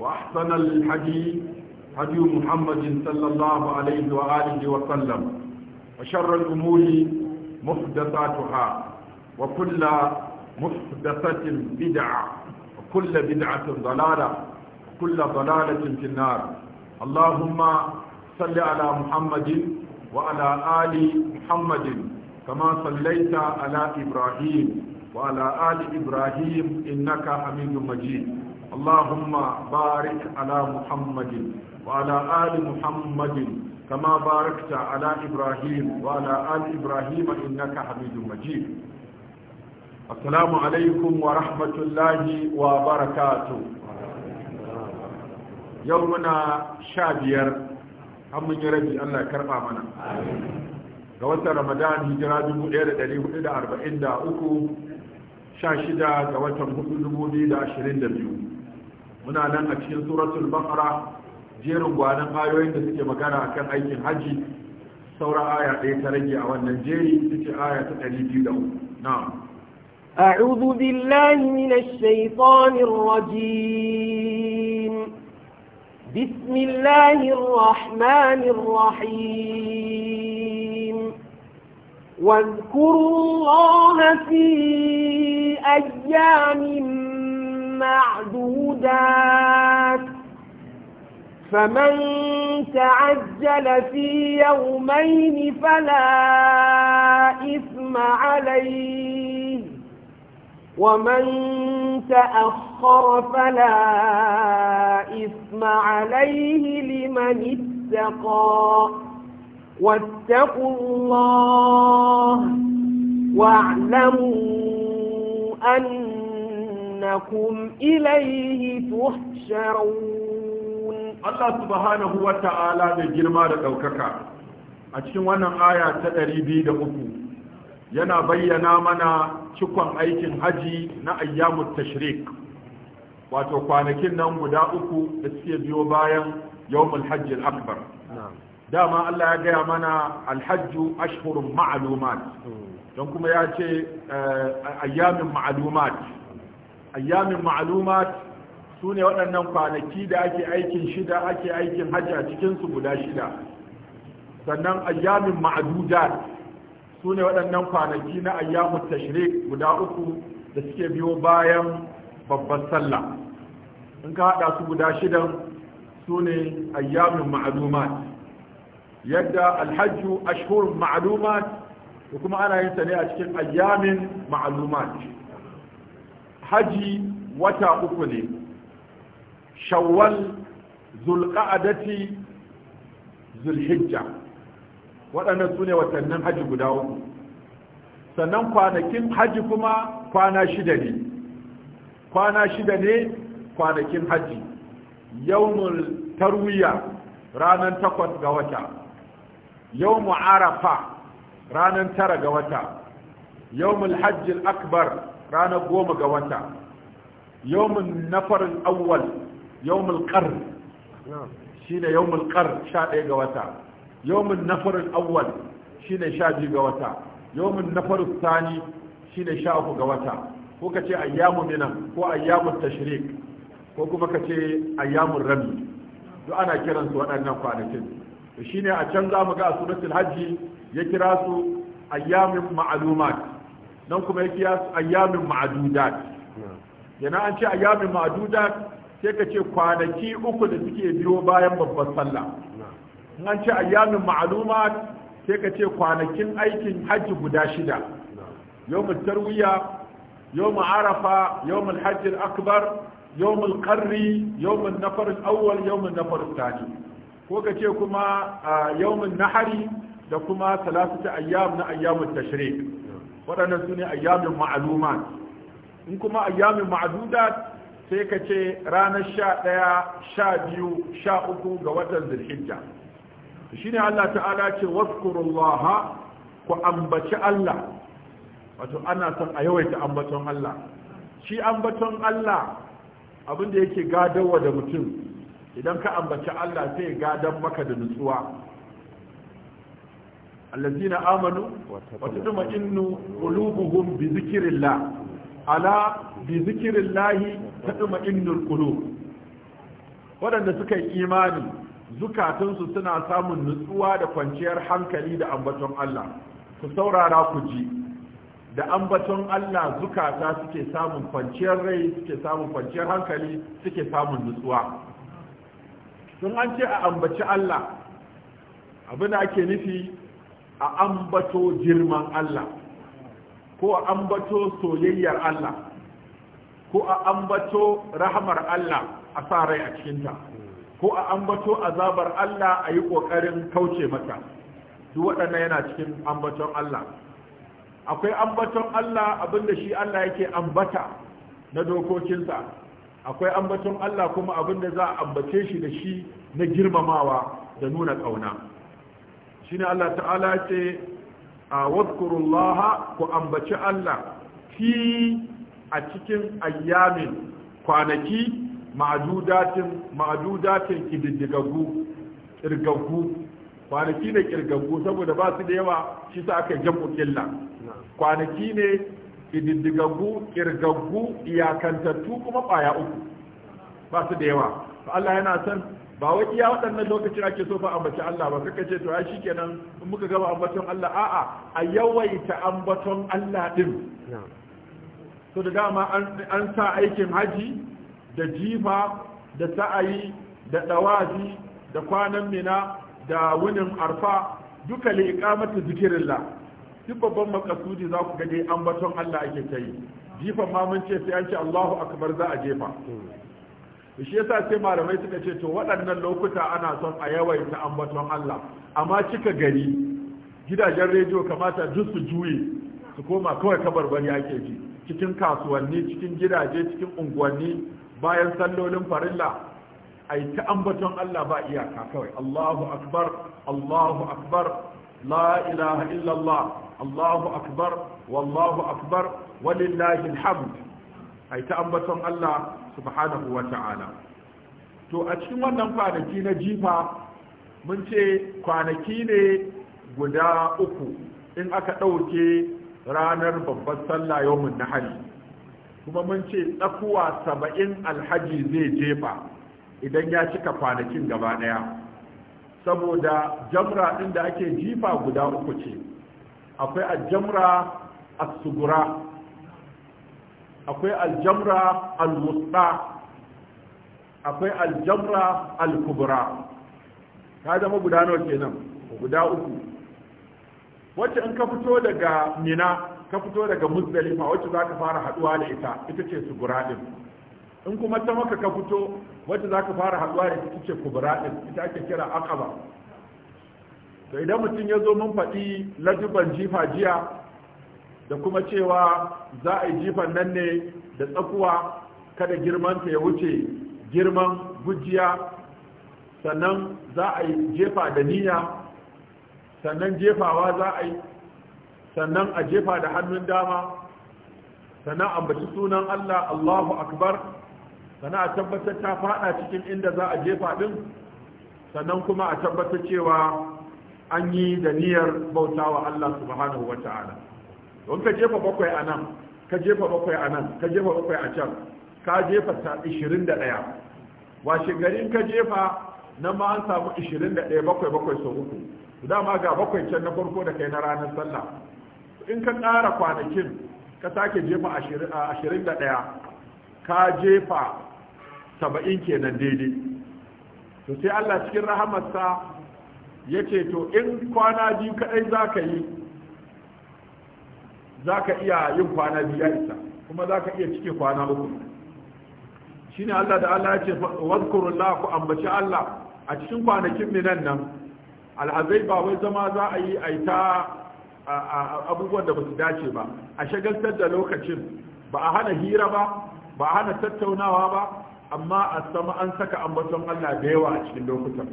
وأحسن الحديث هدي محمد صلى الله عليه وآله وسلم وشر الأمور محدثاتها وكل محدثة بدعة وكل بدعة ضلالة وكل ضلالة في النار اللهم صل على محمد وعلى آل محمد كما صليت على إبراهيم وعلى آل إبراهيم إنك حميد مجيد اللهم بارك على محمد وعلى آل محمد كما باركت على إبراهيم وعلى آل إبراهيم إنك حميد مجيد السلام عليكم ورحمة الله وبركاته يومنا شابير هم يربي الله كرقى منا ga watan ramadan hijira 1443 16 ga watan 4 2022 muna nan a cikin suratul baqara jerin gwanin ayoyin da suke magana akan aikin haji saura aya ɗaya ta rage a wannan jeri ita aya ta 203 na'am أعوذ بالله من الشيطان الرجيم بسم الله الرحمن الرحيم واذكروا الله في أيام معدودات فمن تعجل في يومين فلا إثم عليه ومن تأخر فلا إثم عليه لمن اتقى واتقوا الله واعلموا أن أنكم إليه تحشرون الله سبحانه وتعالى wannan aya ta وانا آية da uku, ينا بينا منا شكوان aikin هجي نا أيام التشريك wato kwanakin nan guda uku da suke biyo bayan yawmul hajji akbar dama Allah ya gaya mana alhajju ashhurun ma'lumat don kuma ya ce ayyamin ma'lumat ayyamin ma'alumat su ne waɗannan kwanaki da ake aikin shida ake aikin hajji a cikinsu guda shida sannan ayyamin ma'adudat su ne waɗannan kwanaki na ayyamun tashrik guda uku da suke biyo bayan babban sallah in ka haɗa su guda shidan su ne ayyamin ma'alumat yadda alhajju ashhur ma'alumat da kuma ana yin ta ne a cikin ayyamin ma'alumat haji wata uku ne shawwal zulqa'adati zulhijja waɗannan su ne watannin haji guda uku sannan kwanakin haji kuma kwana shida ne kwana shida ne kwanakin haji yawmul tarwiya ranar takwas ga wata yawmu arafa ranar tara ga wata yawmul hajjil akbar ranar goma ga wata yawmin nafarin awwal shi ne shine yawmul sha 11 ga wata yawmin nafarin awwal shine 12 ga wata yawmin nafarin ne shine 13 ga wata ko kace ayyamu minan ko ayyamut tashrik ko kuma kace ayyamur rami duk ana kiransu waɗannan kwanakin shine a can zamu ga suratul hajji ya kira su ayyamin ma'lumat nan kuma ya kiyasu ayyamin ma'adudat yana an ce ayyamin ma'adudat sai ka ce kwanaki uku da suke biyo bayan babbar sallah in an ce ayyamin ma'alumat sai ka ce kwanakin aikin hajji guda shida yawmul tarwiya yawmul arafa yawmul hajji akbar yawmul qarri yawmul nafar awwal yawmul nafar al ko ka ce kuma ah, yawmul nahari da kuma salasata ayyam na ayyamun tashrik waɗannan su ne ayyamin ma'aluma in kuma ayyamin ma'adudat sai ka ce ranar sha ɗaya sha biyu sha uku ga watan zilhijja shi ne allah ta'ala ce waskurullaha ku ambaci allah wato ana son a yawaita ambaton allah shi ambaton allah abinda yake gadawa da mutum idan ka ambaci allah sai gadan maka da nutsuwa allazina amanu wa tatma'innu qulubuhum bi dhikrillah ala bi dhikrillah القلوب qulub suka yi imani zukatunsu suna samun nutsuwa da kwanciyar hankali da ambaton Allah ku saurara ku ji da ambaton Allah zukata suke samun kwanciyar rai suke samun kwanciyar hankali suke samun nutsuwa sun an ce a ambaci Allah abin da ake nufi a ambato girman Allah ko a ambato soyayyar Allah ko a ambato rahamar Allah a sa rai a cikinta ko a ambato azabar Allah a yi ƙoƙarin kauce mata duk waɗannan yana cikin ambaton Allah akwai ambaton Allah abinda shi Allah yake ambata na dokokinsa akwai ambaton Allah kuma abinda za a ambace shi da shi na girmamawa da nuna ƙauna shine Allah ta'ala ce a wadkurullaha ku ambaci Allah fi a cikin ayyamin kwanaki ma'adudatin ma'adudatin kididdigaggu kirgaggu kwanaki ne kirgaggu saboda ba su da yawa shi sa aka jam'u killa kwanaki ne kididdigaggu kirgaggu iyakantattu kuma baya uku ba su da yawa Allah yana son ba wai iya waɗannan lokacin ake so fa ambaci Allah ba kakace ce to ai shikenan in muka gaba ambaton Allah a'a a yawaita ambaton Allah din to da dama an sa aikin haji da jifa da sa'ayi da dawazi da kwanan mina da wunin arfa duka li iqamatu zikrillah duk babban makasudi za ku ga dai ambaton Allah ake ta yi jifan ma mun ce sai an ce Allahu akbar za a jefa hmm. shi yasa sai malamai suka ce to waɗannan lokuta ana son a yawaita ambaton Allah amma cika gari gidajen rediyo kamata duk su juye su koma kawai kabarbari ake ji cikin kasuwanni cikin gidaje cikin unguwanni bayan sallolin farilla a yi ta ambaton Allah ba iyaka kawai Allahu akbar Allahu akbar la ilaha illallah Allahu akbar wallahu akbar walillahi alhamd a yi ta ambaton Allah subhanahu wa ta'ala to a cikin wannan kwanaki na jifa mun ce kwanaki ne guda uku in aka ɗauke ranar babbar sallah yawon nahari kuma mun ce tsakuwa saba'in alhaji zai jefa idan ya cika kwanakin gaba ɗaya saboda jamra ɗin da ake jifa guda uku ce akwai a jamra asugura akwai aljamra alwusta akwai aljamra alkubra ta zama guda nawa kenan guda uku wacce in ka fito daga mina ka fito daga muzdalifa wacce za ka fara haduwa da ita ita ce su din in kuma ta maka ka fito wacce za ka fara haduwa da ita ce kubra din ita ake kira akaba to idan mutum ya zo mun faɗi lajiban jifa jiya da kuma cewa za a yi jifan nan ne da tsakuwa kada girmanta ya wuce girman gujiya sannan za a yi jefa da niyya sannan jefawa za a yi sannan a jefa da hannun dama sannan ambaci sunan allah allahu akbar sannan a tabbatar ta fada cikin inda za a jefa din sannan kuma a tabbatar cewa an yi da niyyar bautawa allah subhanahu wa ta'ala don ka jefa bakwai a nan ka jefa bakwai a nan ka jefa bakwai a can ka jefa ta 21 washe garin ka jefa nan ma an samu 21 bakwai bakwai sau uku dama ga bakwai can na farko da kai na ranar sallah in ka ƙara kwanakin ka sake jefa 21 ka jefa 70 kenan daidai to sai Allah cikin rahamarsa ya ce to in kwana biyu kaɗai za ka yi za ka iya yin kwana biyu isa kuma za ka iya cike kwana uku shi ne allah da allah ya ce wadkurullah ku ambaci allah a cikin kwanakin minan nan alhazai ba wai zama za a yi a ta abubuwan da ba su dace ba a shagaltar da lokacin ba a hana hira ba ba a hana tattaunawa ba amma a sama an saka ambaton allah da yawa a cikin lokutan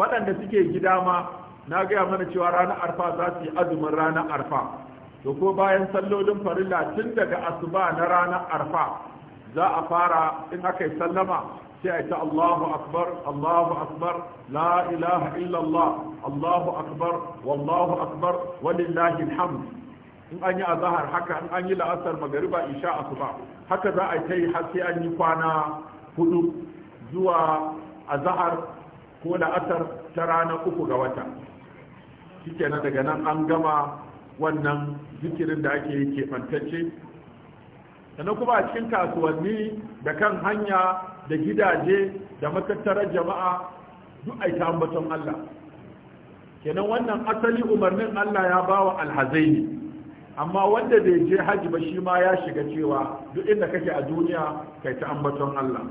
waɗanda suke gida ma na gaya mana cewa ranar arfa za su yi azumin ranar arfa to ko bayan sallolin farilla tun daga asuba na ranar arfa za a fara in aka yi sallama sai a ta Allahu akbar Allahu akbar la ilaha illallah Allahu akbar wallahu akbar walillahi alhamd in an yi azahar haka in an yi la'asar magariba isha asuba haka za a ta yi har sai an yi kwana hudu zuwa azahar ko la'asar ta ranar uku ga wata shikenan daga nan an gama wannan zikirin da ake yi keɓantacce sannan kuma a cikin kasuwanni da kan hanya da gidaje da matattarar jama'a duk a ta ambaton Allah kenan wannan asali umarnin Allah ya ba wa alhazai amma wanda bai je haji ba shi ma ya shiga cewa duk inda kake a duniya kai ta ambaton Allah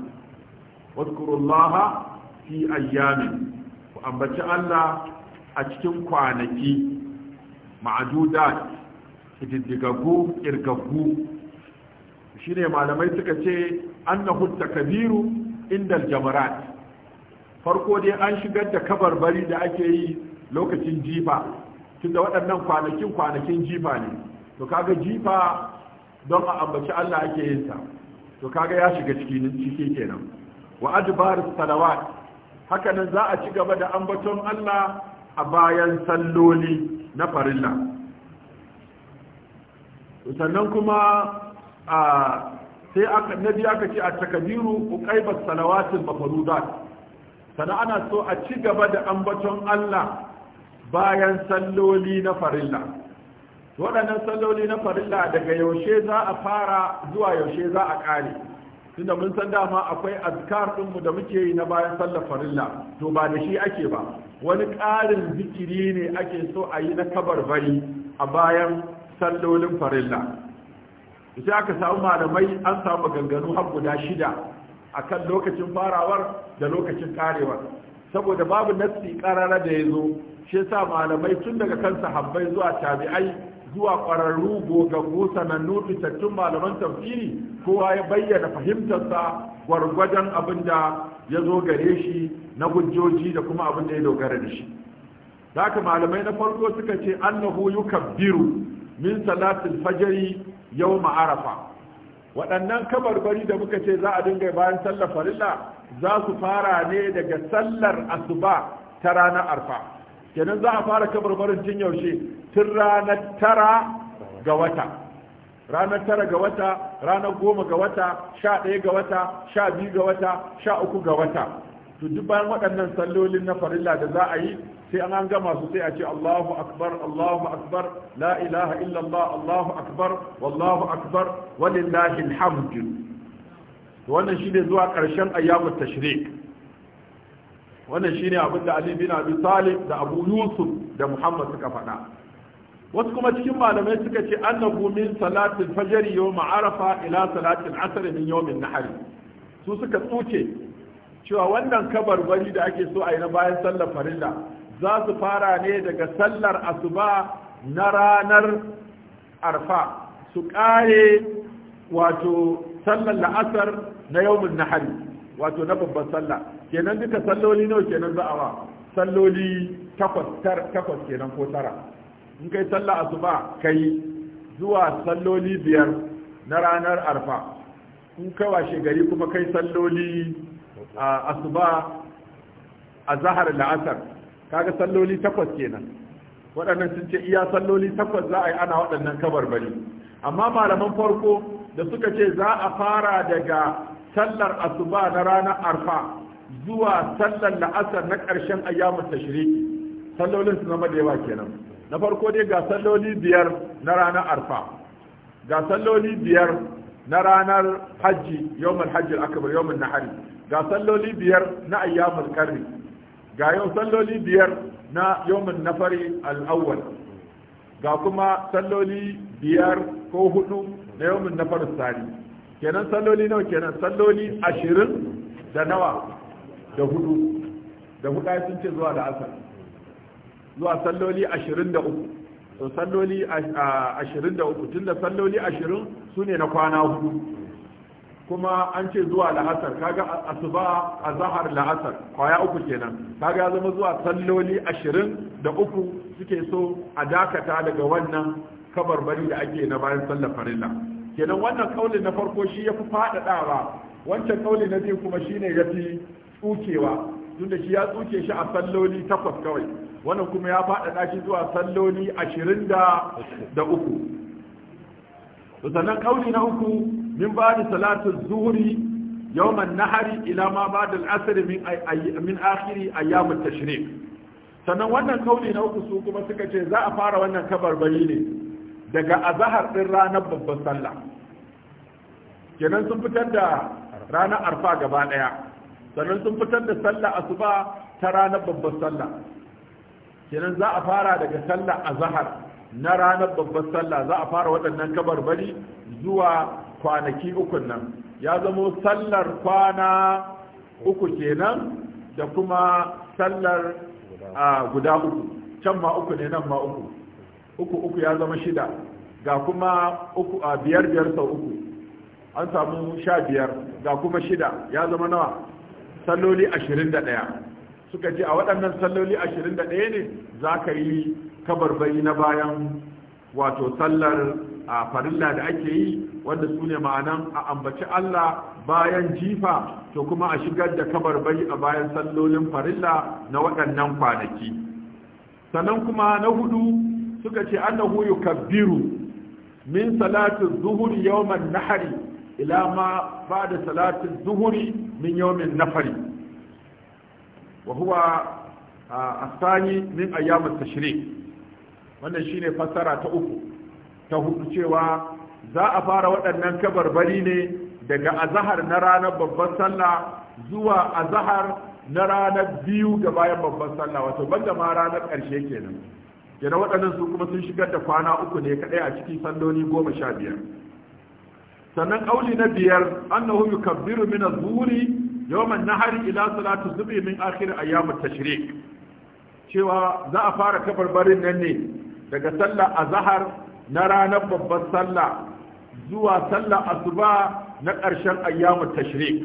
wadkurullaha fi ayyamin ku ambaci Allah a cikin kwanaki ma'adudat ididdigaggu irgaggu shine malamai suka ce annahu takabiru inda aljamarat farko dai an shigar da kabarbari da ake yi lokacin jifa tunda waɗannan kwanakin kwanakin jifa ne to kaga jifa don a ambaci Allah ake yin sa to kaga ya shiga cikin ciki kenan wa adbar salawat hakanan za a ci gaba da ambaton Allah a bayan salloli na farilla sannan kuma a sai aka nabi aka ce a takabiru uqaibat salawatin mafarudat sannan ana so a ci gaba da ambaton Allah bayan salloli na farilla waɗannan salloli na farilla daga yaushe za a fara zuwa yaushe za a ƙare tunda mun san dama akwai azkar ɗinmu da muke yi na bayan sallar farilla to ba da shi ake ba wani ƙarin zikiri ne ake so a yi na kabar bari a bayan sallolin farilla sai aka samu malamai an samu ganganu har guda shida a kan lokacin farawar da lokacin karewar saboda babu nassi karara da ya zo shi yasa malamai tun daga kansa Habbai zuwa tabi'ai zuwa ƙwararru gogaggo, sanannu fitattun malaman tafsiri kowa ya bayyana fahimtarsa gwargwajen abin da ya zo gare shi na hujjoji da kuma abin da ya dogara da shi haka malamai na farko suka ce annahu yukabbiru min salatin fajri yawm arafa waɗannan kabarbari da muka ce za a dinga bayan sallar farilla za su fara ne daga sallar asuba ta ranar arfa kenan za a fara kabarbarin tun yaushe tun ranar tara ga wata ranar tara ga wata ranar goma ga wata sha ɗaya ga wata sha biyu ga wata sha uku ga wata to duk bayan waɗannan sallolin na farilla da za a yi sai an an gama su sai a ce Allahu akbar Allahu akbar la ilaha illallah Allahu akbar wallahu akbar walillahi alhamd wannan shine zuwa ƙarshen ayyamut tashrik wannan shine abin da Ali bin Abi Talib da Abu Yusuf da Muhammad suka faɗa wasu kuma cikin malamai suka ce annabu min salatin fajr yawm arafa ila salatin asr min yawmin nahr su suka tsuce cewa wannan kabarbari da ake so a yi na bayan sallar farilla za su fara ne daga sallar asuba na ranar arfa su kare wato sallar la'asar na yawmin nahari wato na babban sallah kenan duka salloli nawa kenan za a wa salloli takwas takwas kenan ko tara in kai sallah asuba kai zuwa salloli biyar na ranar arfa in kai washe gari kuma kai salloli asuba a zahar la'asar kaga salloli takwas kenan waɗannan sun ce iya salloli takwas za a yi ana waɗannan kabarbari amma malaman farko da suka ce za a fara daga sallar asuba na ranar arfa zuwa sallar la'asar na ƙarshen ayyamun tashriki sallolin su zama da yawa kenan na farko dai ga salloli biyar na ranar arfa ga salloli biyar na ranar hajji yawmul hajji akbar yawmul nahari ga salloli biyar na ayyamul karni, ga yau salloli biyar na yawmul nafari al-awwal ga kuma salloli biyar ko hudu na yawmul nafar sari kenan salloli nawa kenan salloli ashirin da nawa da hudu da hudu sun ce zuwa da asar zuwa salloli ashirin da uku to salloli ashirin da uku tun da salloli ashirin su ne na kwana hudu kuma an ce zuwa la'asar kaga asuba a zahar la'asar kwaya uku kenan kaga zama zuwa salloli ashirin da uku suke so a dakata daga wannan kabarbari da ake na bayan sallar farilla kenan wannan kauli na farko shi ya fi faɗaɗawa wancan kauli na biyu kuma shine ya fi tsukewa tunda shi ya tsuke shi a salloli takwas kawai wannan kuma ya faɗaɗa shi zuwa salloli ashirin da uku sannan kauli na uku min ba da salatun zuhuri yawman nahari ila ma ba da al'asari min akhiri ayyamin tashrik sannan wannan kauli na uku su kuma suka ce za a fara wannan kabar kabarbari ne daga azahar din ranar babban sallah kenan sun fitar da ranar arfa gaba ɗaya sannan sun fitar da sallah asuba ta ranar babban sallah kenan za a fara daga sallah azahar na ranar babban sallah za a fara waɗannan kabarbari zuwa kwanaki uku nan ya zamo sallar kwana uku kenan da kuma sallar ah, guda uku can ma uku ne nan ma uku uku uku ya zama shida ga kuma uku a biyar biyar sau uku an samu sha biyar ga kuma shida ya zama nawa salloli ashirin da ɗaya suka ce a waɗannan salloli ashirin da ɗaya ne za ka yi kabarbayi na bayan wato sallar a farilla da ake yi wanda su ne ma'anan a ambaci Allah bayan jifa to kuma a shigar da kabarbayi a bayan sallolin farilla na waɗannan kwanaki sannan kuma na hudu suka ce huyu Kabiru min salatin zuhuri yawman nahari ila ma ba da salatin zuhuri min yawmin nafari wa huwa asani min ayyam at wannan shine fassara ta uku ta hudu cewa za a fara waɗannan kabarbari ne daga azahar na ranar babban sallah zuwa azahar na ranar biyu ga bayan babban sallah wato banda ma ranar ƙarshe kenan kenan waɗannan su kuma sun shigar da kwana uku ne kaɗai a cikin salloni goma sha biyar sannan ƙauli na biyar annahu yukabbiru min az-zuhri yawman nahari ila salatu subhi min akhir ayyam tashrik. cewa za a fara kabarbarin nan ne daga sallar azhar na ranar babbar sallah zuwa sallar asuba na ƙarshen ayyamu tashrik,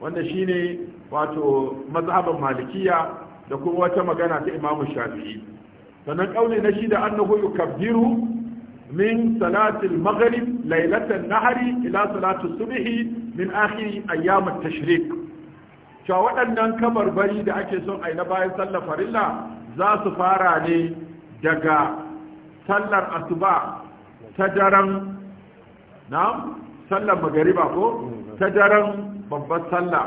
wanda shine wato mazhaban malikiya da kuma wata magana ta imamu shafi'i sannan kauli na shida annahu yukabbiru min salatul maghrib lailatan nahari ila salatu subhi min akhir ayyam at-tashriq cewa waɗannan kabar-bari da ake son a yi na bayan sallar farilla za su fara ne daga sallar asuba ta daren na sallar magariba ko ta daren babbar sallah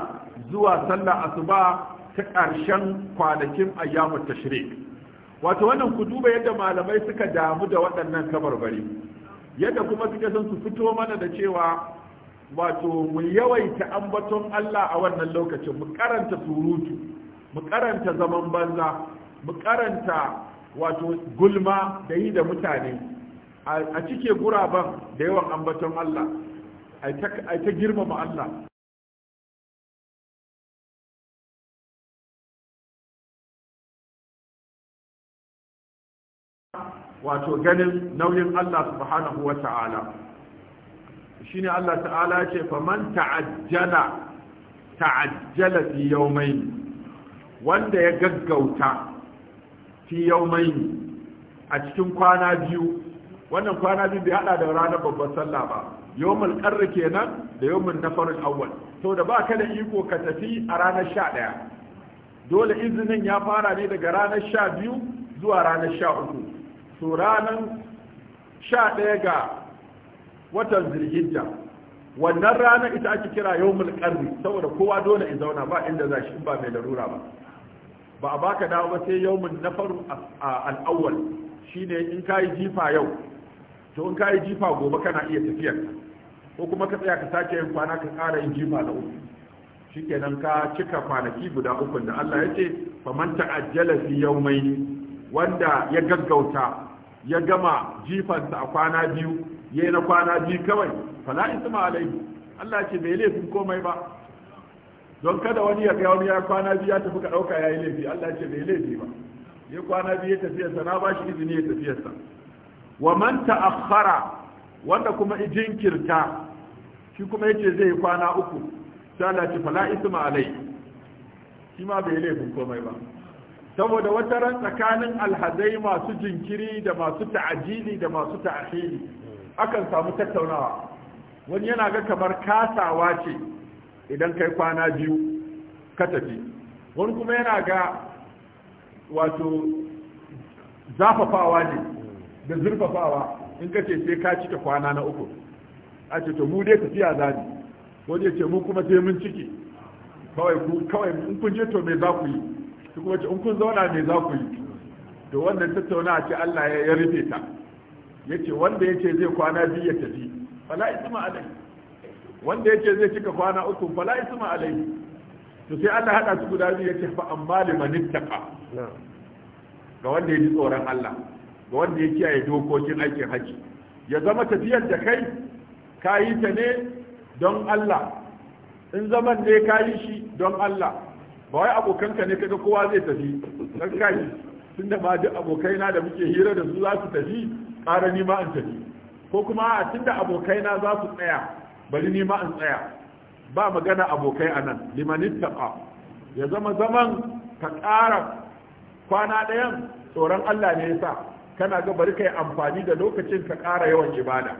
zuwa sallar asuba ta ƙarshen kwanakin ayyamun tashrik wato wannan ku duba yadda malamai suka damu da waɗannan kabarbari yadda kuma suka san su fito mana da cewa wato mu yawaita ambaton Allah a wannan lokacin mu karanta surutu mu karanta zaman banza mu karanta wato gulma da yi da mutane a cike guraben da yawan ambaton Allah a ta girmama Allah wato ganin nauyin Allah subhanahu wa ta'ala shine Allah ta'ala ce faman ta'ajjala ta'ajjala fi yawmayn wanda ya gaggauta fi yawmayn a cikin kwana biyu wannan kwana biyu bai hada da ranar babban sallah ba yawmul qarr kenan da na farin awwal to da ba ka da iko ka tafi a ranar 11 dole izinin ya fara ne daga ranar sha biyu zuwa ranar sha uku. to ranar sha ɗaya ga watan zirgijja wannan ranar ita ake kira yau mulkarni saboda kowa dole in zauna ba inda za shi ba mai larura ba ba a baka dawo ba sai yau mun na faru a al'awwal shi ne in ka yi jifa yau to in ka yi jifa gobe kana iya tafiyar ko kuma ka tsaya ka sake yin kwana ka ƙara yin jifa na uku Shi shikenan ka cika kwanaki guda uku da Allah ya ce faman ta'ajjala fi mai wanda ya gaggauta ya gama jifansa a kwana biyu ya yi na kwana biyu kawai fala isma alaihi Allah ce bai laifin komai ba don kada wani ya ga wani ya kwana biyu ya tafi ka dauka yayi laifi Allah ce bai laifi ba ya kwana biyu ya tafiyarsa na ba shi izini ya tafiyarsa wa man ta'akhkhara wanda kuma jinkirta shi kuma yace zai kwana uku sai Allah ce fala isma alaihi shi ma bai laifin komai ba saboda wata ran tsakanin alhazai masu jinkiri da masu ta'ajili da masu ta'ahili akan samu tattaunawa wani yana ga kamar kasawa ce idan kai kwana biyu ka tafi wani kuma yana ga wato zafafawa ne da zurfafawa in ka ce sai ka cika kwana na uku a ce to mu dai tafiya za ne ya ce mu kuma sai mun ciki kawai kun je to me za ku yi su kuma ce in kun zauna ne za ku yi to wannan tattauna ce Allah ya rufe ta Ya ce wanda ya ce zai kwana biyu ya tafi fala isma alai wanda ya ce zai cika kwana uku fala isma alai to sai Allah hada su guda biyu ya ce fa amma man ittaqa ga wanda ya ji tsoron Allah ga wanda ya kiyaye dokokin aikin haji ya zama tafiyar da kai ka yi ta ne don Allah in zaman ne ka yi shi don Allah ba wai abokanka ne kaga kowa zai tafi dan kai tunda ma duk abokaina da muke hira da su za su tafi ƙara ni ma in tafi ko kuma a tunda abokaina za su tsaya bari ni ma in tsaya ba magana abokai anan limanin taqa ya zama zaman ka ƙara kwana ɗayan tsoron Allah ne yasa kana ga bari kai amfani da lokacin ka ƙara yawan ibada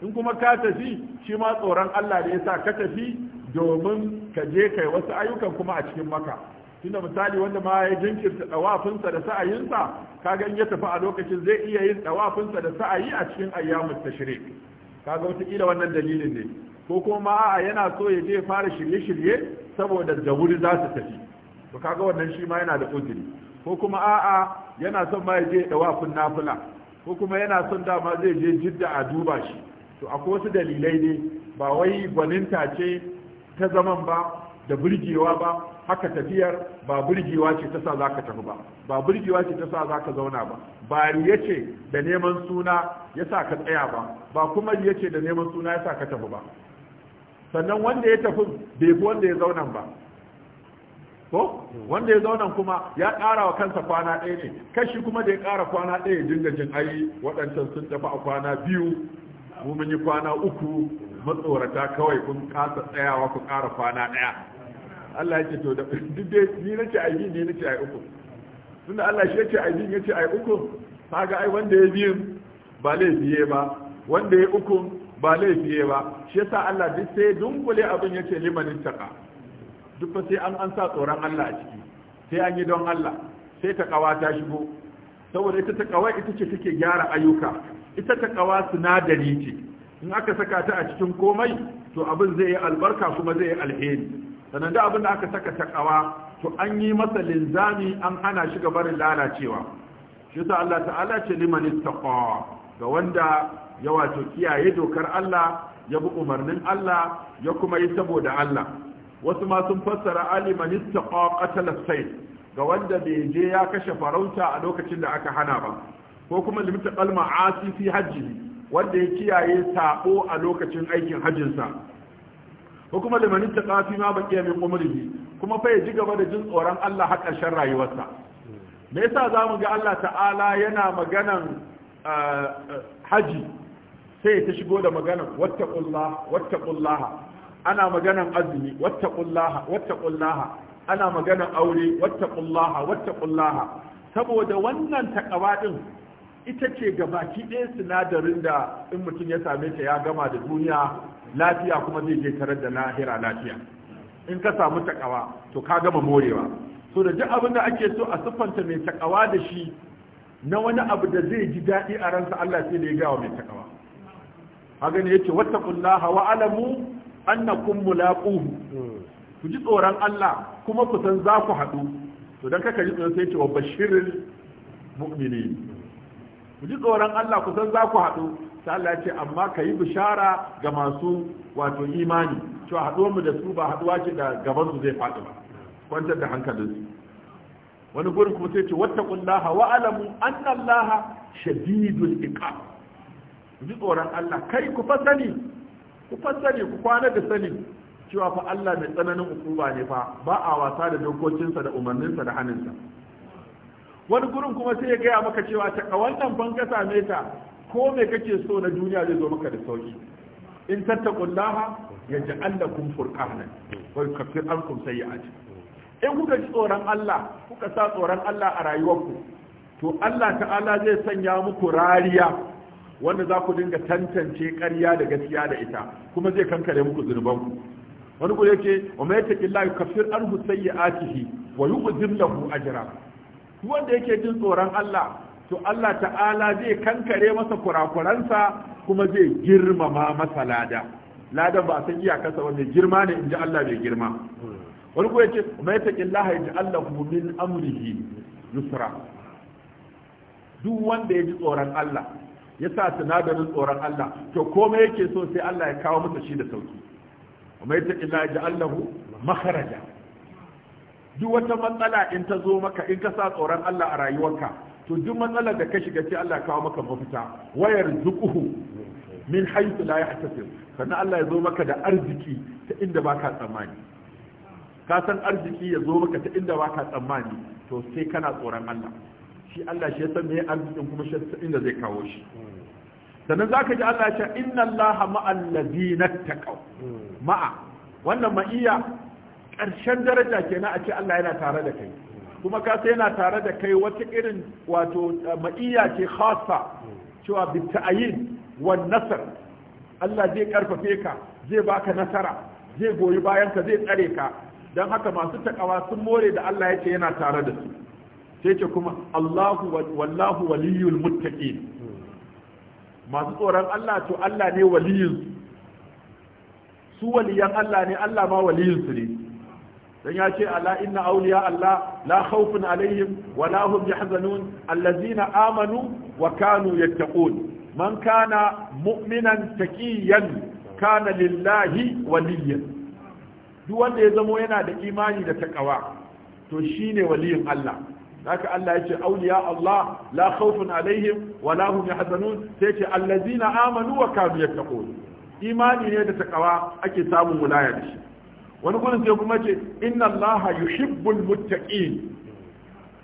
in kuma ka tafi shi ma tsoron Allah ne yasa ka tafi domin ka je kai wasu ayyukan kuma a cikin maka tunda misali wanda ma ya jinkirta dawafinsa da sa'ayinsa kaga in ya tafi a lokacin zai iya yin dawafinsa da sa'ayi a cikin Ka ga kaga wataƙila wannan dalilin ne ko kuma a'a yana so ya je fara shirye-shirye saboda da wuri za su tafi to kaga wannan shi ma yana da uzuri ko kuma a'a yana son ma ya je dawafin nafila ko kuma yana son dama zai je jidda a duba shi to akwai wasu dalilai ne ba wai gwaninta ce ta zaman ba da burgewa ba haka tafiyar ba burgewa ce ta sa za ka tafi ba ba burgewa ce ta sa za ka zauna ba ba riya ce da neman suna ya sa ka tsaya ba ba kuma riya ce da neman suna ya sa ka tafi ba sannan wanda ya tafi bai fi wanda ya zauna ba ko wanda ya zauna kuma ya ƙara wa kansa kwana ɗaya ne kashi kuma da ya ƙara kwana ɗaya dinga jin ai waɗancan sun tafi a kwana biyu mu mun yi kwana uku matsorata kawai kun kasa tsayawa ku kara kwana ɗaya Allah ya ce to da duk dai ni nace ai biyu ni nace ai uku tunda Allah shi yace ai biyu yace ai uku kaga ai wanda ya biyu ba laifiye ba wanda ya uku ba laifiye ba shi yasa Allah duk sai dunkule abin yace limanin taqa duk sai an an sa tsoron Allah a ciki sai an yi don Allah sai ta kawa ta shigo saboda ita ta kawa ita ce take gyara ayyuka ita ta kawa sinadari ce in aka saka ta a cikin komai to abin zai yi albarka kuma zai yi alheri sannan da abin da aka saka takawa to an yi masa linzami an hana shi gabarin lalacewa shi sa Allah ta'ala ce liman ittaqa ga wanda ya wato kiyaye dokar Allah ya bi umarnin Allah ya kuma yi saboda Allah wasu ma sun fassara aliman ittaqa qatala sayl ga wanda bai je ya kashe farauta a lokacin da aka hana ba ko kuma limta qalma asi fi hajji wanda ya kiyaye sabo a lokacin aikin hajjinsa hukuma kuma kafi ta tsafi ma baki min umrihi kuma fa ya ji gaba da jin tsoron Allah har ƙarshen rayuwarsa me yasa zamu ga Allah ta'ala yana maganan haji sai ta shigo da maganan wattaqullaha wattaqullaha ana maganan azumi wattaqullaha kullaha ana maganan aure wattaqullaha wattaqullaha saboda wannan takawa ita ce ga baki ɗaya sinadarin da in mutum ya same ta ya gama da duniya lafiya kuma zai je tarar da lahira lafiya in ka samu takawa to ka gama morewa so da duk abin da ake so a siffanta mai takawa da shi na wani abu da zai ji daɗi a ransa Allah sai da ya gawa mai takawa gani ya ce wattaqullaha hawa alamu kun mulaquhu ku ji tsoron Allah kuma ku san za ku haɗu to don kaka ji tsoron sai ce wa Bashirin, mu'mini ku ji tsoron Allah ku san za ku haɗu sai Allah ya ce amma ka yi bishara ga masu wato imani to haɗuwa mu da su ba haɗuwa ce da gaban su zai faɗi ba kwantar da hankalinsu wani gurin kuma sai ce wattaqullaha wa alamu anna allaha shadidul iqab ji tsoron Allah kai ku fa sani ku fa sani ku kwana da sani cewa fa Allah mai tsananin hukuma ne fa ba a wasa da dokokinsa da umarninsa da haninsa wani gurin kuma sai ya gaya maka cewa ta wannan ban ka same ta ko mai kake so na duniya zai zo maka da sauki in tattaqullaha yaj'al lakum furqana wa yukaffir ankum aji. in kuka ji tsoron Allah kuka sa tsoron Allah a rayuwarku to Allah ta'ala zai sanya muku rariya wanda za ku dinga tantance ƙarya da gaskiya da ita kuma zai kankare muku zunubanku wani ku yake wa mai taqillahi yukaffir anhu sayyi'atihi wa yuqdim lahu ajra wanda yake jin tsoron Allah to Allah ta'ala zai kankare masa kurakuransa kuma zai girmama masa lada ladan ba san iyakarsa ba wanda girma ne inji Allah bai girma wani kuma yace mai taqillaha Allah lahu min amrihi yusra duk wanda ya ji tsoron Allah ya sa sinadarin tsoron Allah to komai yake so sai Allah ya kawo masa shi da sauki mai taqillaha yaj'al Allah makharaja duk wata matsala in ta zo maka in ka sa tsoron Allah a rayuwarka to duk matsalar da ka shiga sai Allah kawo maka mafita wayar zuquhu min haythu la yahtasib sannan Allah ya zo maka da arziki ta inda baka tsammani ka san arziki ya zo maka ta inda baka tsammani to sai kana tsoron Allah shi Allah shi ya san meye arzikin kuma shi inda zai kawo shi sannan zaka ji Allah ya ce inna Allah ma'al ladina taqaw hmm. ma'a wannan ma'iya ƙarshen daraja kenan a ce Allah yana tare da kai kuma ka sai yana tare da kai wata irin wato eh, ma'iyya ce khasa cewa bi ta'ayin wan nasar, Allah zai karfafe ka zai baka nasara zai goyi bayan ka zai tsare ka dan haka masu takawa sun more da Allah yake yana tare da su sai ce kuma Allahu wallahu waliyul muttaqin masu tsoron Allah to Allah ne waliyin su waliyan Allah ne Allah ma waliyin su ne dan ya ce ala inna awliya Allah la khawfun alaihim wa la hum yahzanun allazina amanu wa kanu yattaqun man kana mu'minan taqiyan kana lillahi waliyan duk wanda ya zamo yana da imani da takawa to shine waliyin Allah haka Allah ya ce auliya Allah la khawfun alaihim wa la hum yahzanun sai ce allazina amanu wa kanu yattaqun imani ne da takawa ake samun wilaya da shi wani gurin sai kuma ce inna allaha yuhibbul muttaqin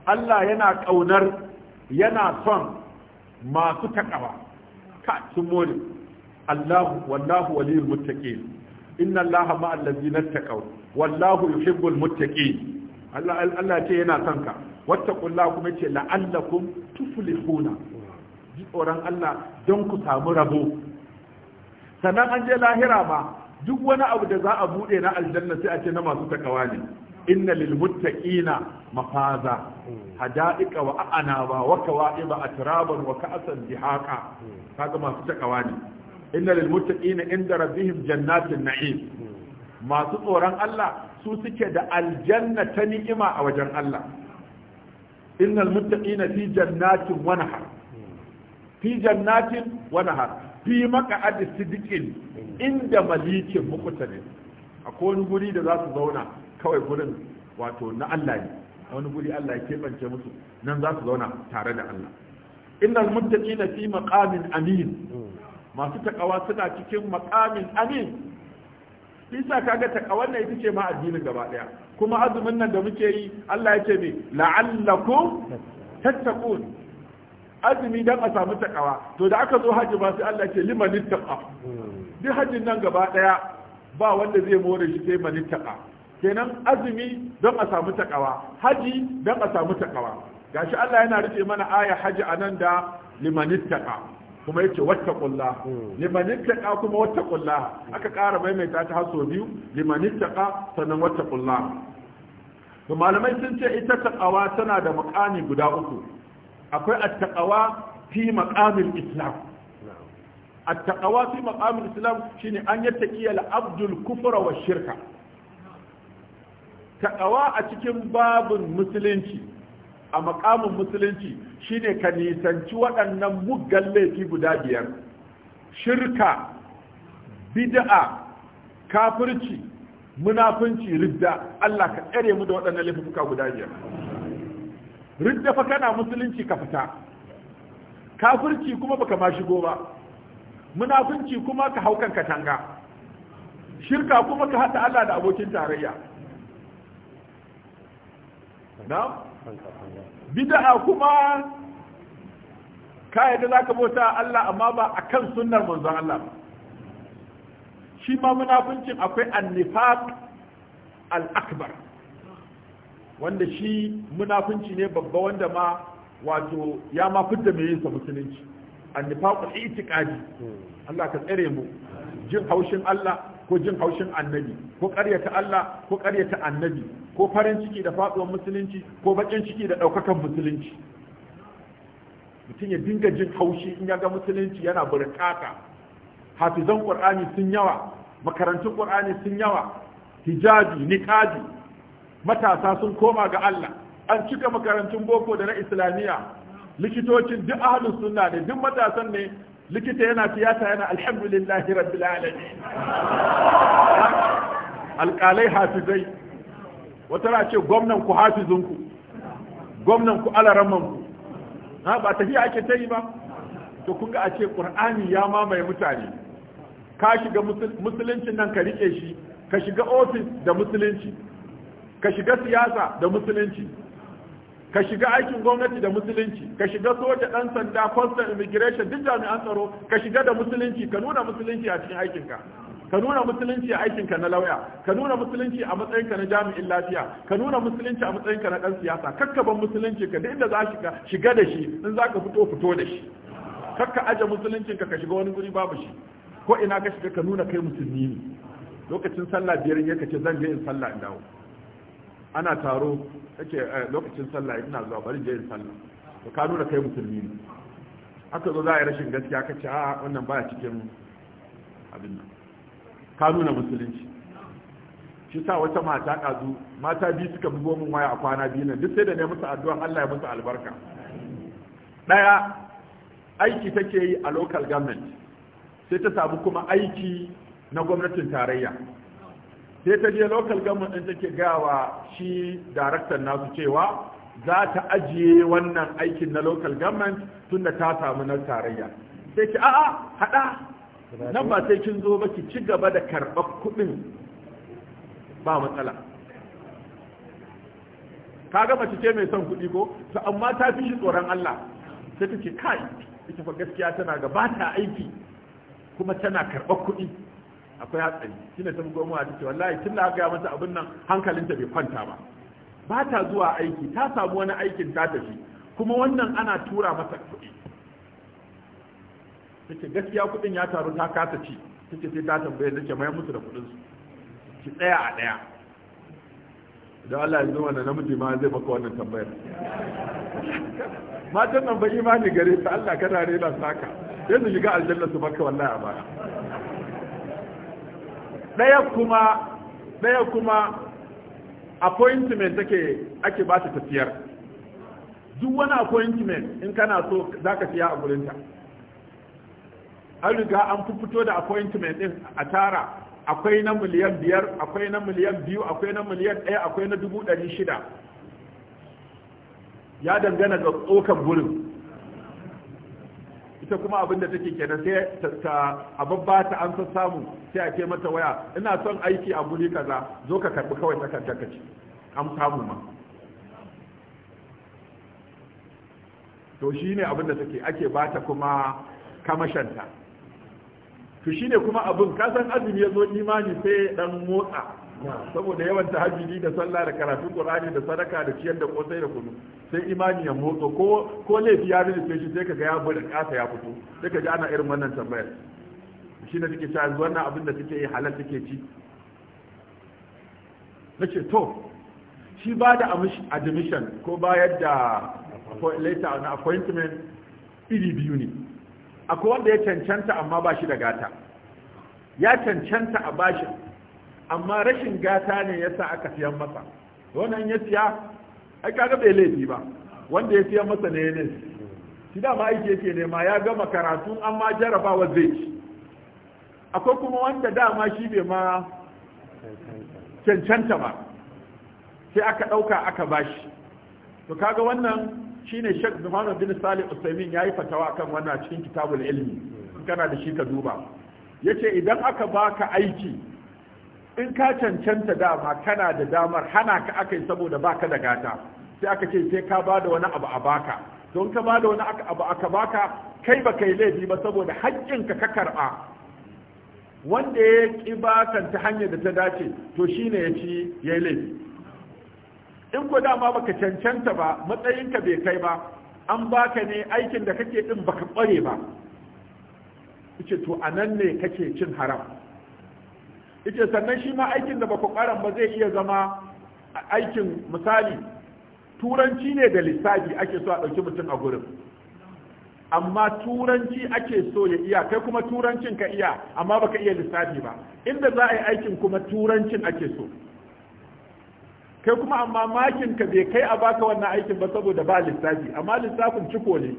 Allah yana kaunar yana son masu takawa ka sun more Allahu wallahu waliyul muttaqin inna allaha ma'al ladina taqaw wallahu yuhibbul muttaqin Allah Allah ce yana son ka wattaqullaha kuma ce la'allakum tuflihuna ji tsoron Allah don ku samu rabo sannan an je lahira ba duk wani abu da za a bude na aljanna sai a ce na masu takawa ne inna lil muttaqina mafaza hada'iqa wa a'anaba wa kawa'iba atraban wa ka'san dihaqa kaga masu takawa ne inna lil muttaqina inda rabbihim jannatin na'im masu tsoron Allah su suke da aljanna ta ni'ima a wajen Allah innal muttaqina fi jannatin wa nahar fi jannatin wa nahar fi maka adi sidikin inda malikin mukuta ne a wani guri da za su zauna kawai gurin wato na Allah ne a wani guri Allah ya keɓance musu nan za su zauna tare da Allah innal muttaqina fi maqamin amin masu takawa suna cikin maqamin amin isa kaga takawar ne ita ce ma addinin gaba daya kuma azumin nan da muke yi Allah ya ce me la'allakum tattaqun azumi don a samu takawa to da aka zo haji ba sai Allah ce liman ittaqa duk hajjin nan gaba daya ba wanda zai more shi sai man ittaqa kenan azumi don a samu takawa haji don a samu takawa gashi Allah yana rufe mana aya haji anan da liman ittaqa kuma yace wattaqullah hmm. liman ittaqa kuma wattaqullah aka ƙara maimaita ta haso biyu liman ittaqa sannan wattaqullah to malamai sun ce ita takawa tana da muƙani guda uku akwai attaqawa fi maqamil islam attaqawa fi maqamil islam shine an yattaki al abdul kufra wa shirka taqawa a cikin babun musulunci a makamin musulunci shine ka nisanci waɗannan muggan laifi guda biyar shirka bid'a kafirci munafunci ridda Allah ka tsare mu da waɗannan laifuka guda biyar ridda fa kana musulunci ka fita kafirci kuma baka ma shigo ba munafunci kuma ka haukan katanga shirka kuma ka hada Allah da abokin tarayya na bid'a kuma ka yadda zaka bota Allah amma ba akan sunnar manzon Allah shi ma munafuncin akwai al-akbar al-akbar wanda shi munafunci ne babba wanda ma wato ya ma fitta mai sa musulunci annifaqul itiqadi Allah ka tsare mu jin haushin Allah ko jin haushin annabi ko ƙaryata Allah ko ƙaryata annabi ko farin ciki da faɗuwar musulunci ko baƙin ciki da ɗaukakan musulunci mutum ya dinga jin haushi in ya ga musulunci yana burkata hafizan ƙur'ani sun yawa makarantun ƙur'ani sun yawa hijabi niqabi matasa sun koma ga Allah an cika makarantun boko da na islamiyya likitocin duk ahlus sunna ne duk matasan ne likita yana tiyata yana alhamdulillahi rabbil alamin alƙalai hafizai wata ra ce gwamnan ku hafizun ku gwamnan ku alaramman ku ha ba tafiya ake ta yi ba to kun ga a ce qur'ani ya mamaye mutane ka shiga musuluncin nan ka rike shi ka shiga ofis da musulunci ka shiga siyasa da musulunci ka shiga aikin gwamnati da musulunci ka shiga soja dan sanda constant immigration duk jami'an tsaro ka shiga da musulunci ka nuna musulunci a cikin aikinka ka nuna musulunci a aikinka na lauya ka nuna musulunci a matsayinka na jami'in lafiya ka nuna musulunci a matsayinka na dan siyasa kakkaban musulunci ka duk inda za shiga shiga da shi in za ka fito fito da shi kakka aje musuluncinka ka shiga wani guri babu shi ko ina ka shiga ka nuna kai musulmi ne lokacin sallah biyar ya kace zan je in sallah in dawo ana taro kake eh, lokacin sallah ina zuwa bari je sallah to ka nuna kai musulmi ne aka zo za a yi rashin gaskiya ka ce a wannan baya cikin abin nan ka nuna musulunci shi sa wata mata ɗazu mata biyu suka bugo min waya a kwana biyu nan duk sai da ne musu addu'a Allah ya musu albarka ɗaya aiki take yi a local government sai ta samu kuma aiki na gwamnatin tarayya sai ta je local government ɗin take gawa shi daraktan nasu cewa za ta ajiye wannan aikin na local government tun da ta samu na tarayya sai ki a'a hada nan ba sai kin zo ba ki ci gaba da karɓar kuɗin ba matsala ka ga mace ce mai son kuɗi ko to amma ta fi shi tsoron Allah sai ta ce kai ita fa gaskiya tana gabata aiki kuma tana karɓar kuɗi akwai hatsari shine ta bugo mu ce wallahi tun da aka gaya mata abin nan hankalinta bai kwanta ba ba ta zuwa aiki ta samu wani aikin ta tafi kuma wannan ana tura mata kuɗi take gaskiya kuɗin ya taru ta kasa ci ce sai ta tambaye take mai musu da kuɗin su ki tsaya a ɗaya idan Allah ya wannan namiji ma zai maka wannan tambayar matan nan ba imani gare ta Allah kana rena saka sai su shiga aljanna su baka wallahi a baya ɗaya kuma daya kuma appointment take ake ba ta tafiyar duk wani appointment in kana so za ka siya a gurinta har riga an fito da appointment din a tara akwai na miliyan biyar akwai na miliyan biyu akwai na miliyan ɗaya akwai na dubu ɗari shida ya dangana ga tsokan gurin ita kuma abin da take kenan sai ta ababba ta an san samu sai a ce mata waya ina son aiki a guri kaza zo ka karbi kawai takardar ka ce an samu ma to shine abin da take ake ta kuma kamashanta to shine kuma abin kasan azumi ya zo imani sai dan motsa saboda yawan tahajjudi da sallah da karatun qur'ani da sadaka da ciyar da kosai da kunu sai imani ya motsa ko ko laifi ya rubuce shi sai kaga ya bari kasa ya fito sai kaji ana irin wannan tambayar shi ne take cewa wannan abin da take yi halal take ci nace to shi ba da admission ko bayar da later an appointment iri biyu ne akwai wanda ya cancanta amma ba shi da gata ya cancanta a bashi amma rashin gata ne yasa aka siyan masa wannan ya siya ai kaga bai laifi ba wanda ya siyan masa ne ne shi da ma aiki yake nema ya gama karatu amma jarabawa zai ci akwai kuma wanda dama shi bai ma cancanta ba sai aka ɗauka aka bashi to kaga wannan shine Sheikh Zuhman bin Salih Usaimin yayi fatawa kan wannan cikin kitabul ilmi kana da shi ka duba yace idan aka baka aiki in ka cancanta dama kana da damar hana ka akai saboda baka da gata sai aka ce sai ka bada wani abu a baka don ka bada wani abu aka baka kai ba kai laifi ba saboda haƙƙin ka ka karɓa wanda ya ƙi ba ta hanyar da ta dace to shine ya ci ya yi laifi in ko dama baka cancanta ba matsayinka bai kai ba an baka ne aikin da kake din baka ƙware ba ce to a nan ne kake cin haram yace sannan shi ma aikin da bako karan ba zai iya zama aikin misali turanci ne da lissafi ake so a ɗauki mutum a gurin amma turanci ake so ya iya kai kuma turancin ka iya amma baka iya lissafi ba inda za a yi aikin kuma turancin ake so kai kuma amma makin ka bai kai a baka wannan aikin ba saboda ba lissafi amma lissafin ciko ne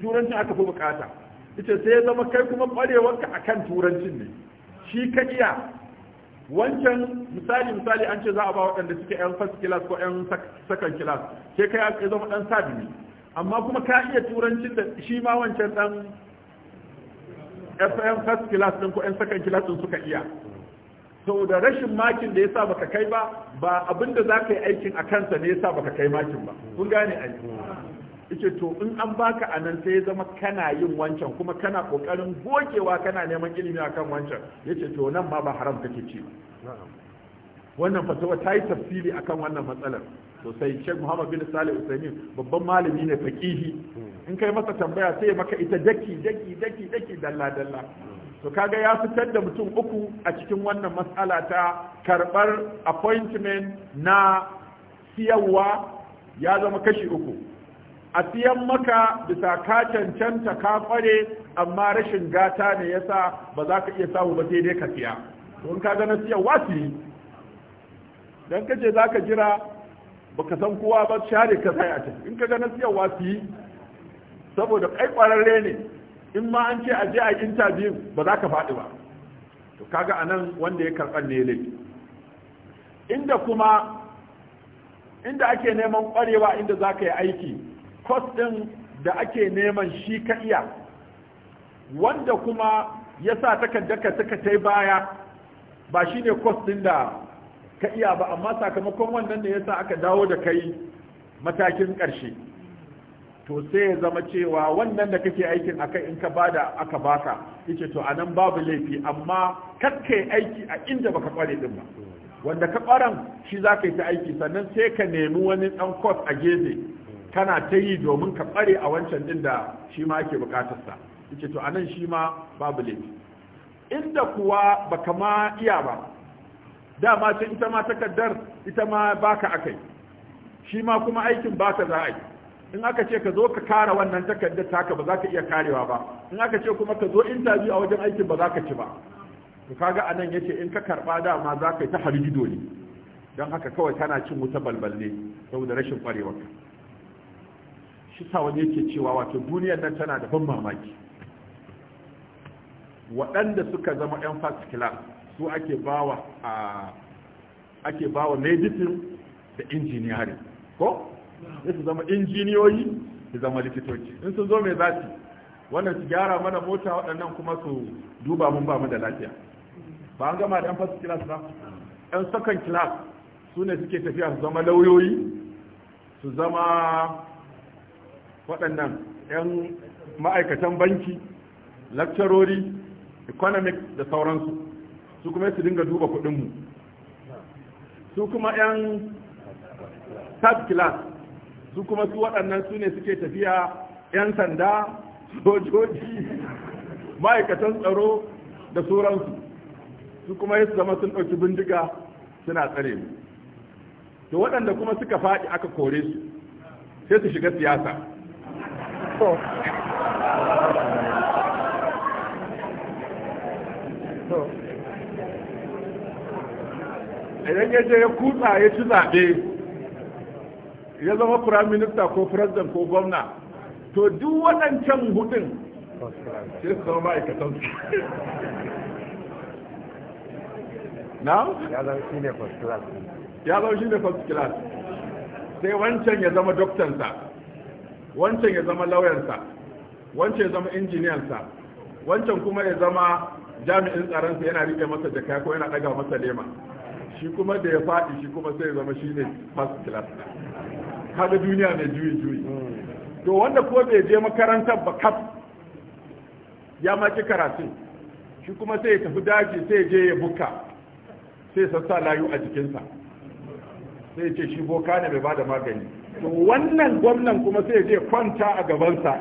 turancin aka fi bukata ita sai ya zama kai kuma barewanka akan turancin ne shi ka iya wancan misali misali an ce za a ba waɗanda suke yan first class ko yan second class sai kai ya zama dan sabini amma kuma ka iya turancin da shi ma wancan ɗan yan first class din ko yan second class din suka iya da rashin makin da ya yasa baka kai ba ba abinda za ka yi aikin a kansa ne yasa baka kai makin ba kun gane aiki yace to in an baka anan sai ya zama kana yin wancan kuma kana kokarin gogewa kana neman ilimi akan wancan yace to nan ma ba haram kake ci ba wannan fatawa ta yi tafsiri akan wannan matsalar sosai Sheikh Muhammad bin Salih Usaimin babban malami ne faqihi in kai masa tambaya sai maka ita daki daki daki daki dalla dalla to kaga ya fitar da mutum uku a cikin wannan matsala ta karbar appointment na siyarwa ya zama kashi uku a siyan maka bisa ka cancanta ka kware amma rashin gata ne yasa ba za ka iya samu ba sai dai ka siya don ka ga na siyan wasi dan kace za ka jira baka san kowa ba share ka sai a can in ka ga na siyan wasi saboda kai kwararre ne in ma an ce a je a interview ba za ka faɗi ba to kaga anan wanda ya karɓar ne laifi inda kuma inda ake neman kwarewa inda za ka yi aiki kwas ɗin da ake neman shi ka iya wanda kuma ya sa takardarka suka ta baya ba shi ne kwas ɗin da ka iya ba amma sakamakon wannan da ya sa aka dawo da kai matakin ƙarshe to sai ya zama cewa wannan da kake aikin akai in ka bada aka baka yace to anan babu laifi amma yi aiki a inda baka kware din ba wanda ka kwaran shi za ka yi ta aiki sannan sai ka nemi wani ɗan course a gefe kana ta yi domin ka ɓare a wancan ɗin da shi ma ake bukatarsa yake to anan shi ma babu laifi inda kuwa baka ma iya ba dama sai ita ma takaddar ita ma baka akai shi ma kuma aikin baka za a yi in aka ce ka zo ka kare wannan takardar taka ba za ka iya karewa ba in aka ce kuma ka zo interview a wajen aikin ba za ka ci ba to kaga anan yace in ka karba dama za ka yi ta harjido ne don haka kawai kana cin wuta balbal ne saboda rashin kwarewarka shi sa wani yake cewa wato duniyar nan tana da ban mamaki waɗanda suka zama yan first class su ake bawa a ake bawa medicine da engineering ko ya su zama injiniyoyi su zama likitoci in sun zo mai zafi wannan su gyara mana mota waɗannan kuma su duba mun ba mu da lafiya ba an gama da yan first class ba yan second class su ne suke tafiya su zama lauyoyi su zama waɗannan 'yan ma'aikatan banki lakcarori economic da sauransu su kuma su dinga duba kuɗinmu su kuma 'yan third class su kuma su waɗannan su ne suke tafiya 'yan sanda sojoji ma'aikatan tsaro da sauransu su kuma su zama sun ɗauki bindiga suna tsare mu to waɗanda kuma suka faɗi aka kore su sai su shiga siyasa to idan ya je ya kutsa ya ci zaɓe ya zama firayim minista ko firasdan ko gwamna to duk waɗancan hudun sai su zama ma'aikatan su na? ya zama shi ne first class sai wancan ya zama doktansa wancan ya zama lauyansa wancan ya zama injiniyansa wancan kuma ya zama jami'in tsaronsa yana rike masa jaka ko yana daga masa lema shi kuma da ya faɗi shi kuma sai ya zama shi ne first class kaga duniya mai juyi juyi to wanda ko bai je makarantar ba kaf ya maki karatu shi kuma sai ya tafi daji sai ya je ya buka sai sassa layu a jikinsa sai ya ce shi boka ne mai ba da magani wannan gwamnan kuma sai je kwanta a gabansa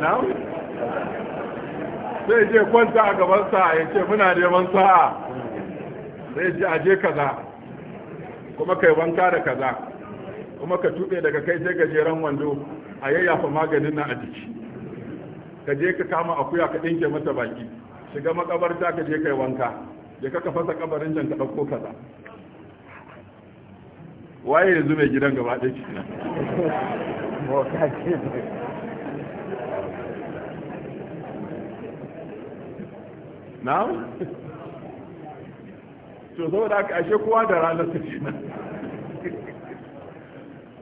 na'am sai je kwanta a gabansa ya ce muna neman sa'a sai je aje kaza kuma kai wanka da kaza kuma ka tuɓe daga kai sai gajeren wando a yayyafa maganin na a jiki ka je ka kama akuya ka ɗinke mata baki shiga makabarta ka je kai wanka ya ka fasa kabarin can ka ɗauko kaza waye yanzu mai gidan gaba ɗaya Na? to saboda haka ashe kowa da ranar ta kenan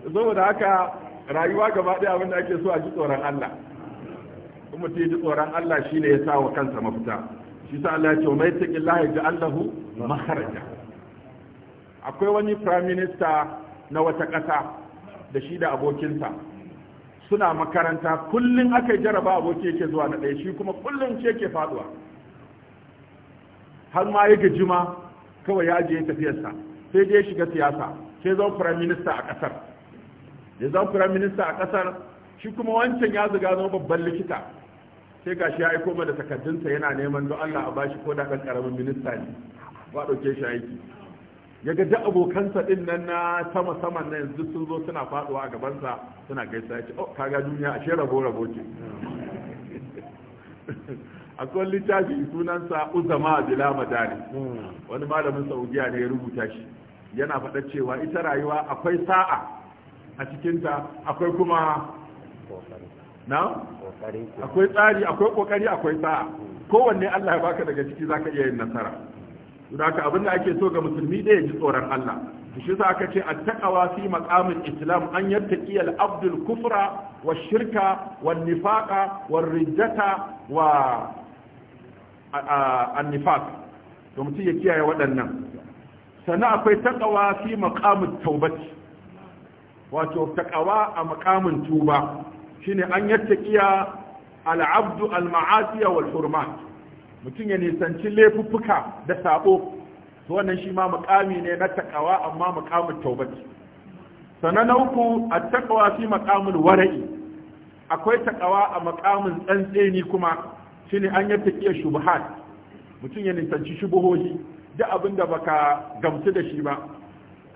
saboda haka rayuwa gaba ɗaya abinda ake so a ji tsoron Allah kuma sai ji tsoron Allah shi ne ya sa wa kansa mafita shi sa Allah ya ce mai taƙi ya ji Allahu maharaja akwai wani prime minister na wata ƙasa da shi da abokinsa suna makaranta kullum aka yi jaraba aboki yake zuwa na ɗaya shi kuma kullum ce ke faduwa har ma ya gajima kawai ya je tafiyarsa sai je shiga siyasa sai zan prime minister a ƙasar ya zan prime minister a ƙasar shi kuma wancan ya zuga zama babban likita sai ga shi ya aiko da takardunsa yana neman don Allah a bashi ko da kan karamin minista ne ba ɗauke shi aiki ya ga da abokansa din nan na sama sama na yanzu sun zo suna faɗuwa a gabansa suna gaisa ya ce oh kaga duniya ashe rabo rabo ce akwai littafi sunansa uzama bila madani wani malamin saudiya ne ya rubuta shi yana faɗa cewa ita rayuwa akwai sa'a a cikinta akwai kuma na akwai tsari akwai kokari akwai sa'a kowanne Allah ya baka daga ciki zaka iya yin nasara haka abin da ake so ga musulmi da ya ji tsoron Allah shi sa aka ce attaqawa fi maqamil islam an yattaqi al abdul kufra wa shirka wa nifaqa wa rijjata wa an nifaq to mutum ya kiyaye waɗannan sannan akwai taqwa fi maqamil tawbati wato taqwa a maqamin tuba shine an yattaqiya al al-ma'asiya wal hurmat mutum ya nisanci laifuffuka da sabo to wannan shi ma mukami ne na takawa amma mukamin taubati sanan uku at-taqwa fi maqamul wara'i akwai takawa a makamin tsantseni kuma shine an yattaqiya shubuhat mutum ya nisanci shubuhohi da abin baka gamsu da shi ba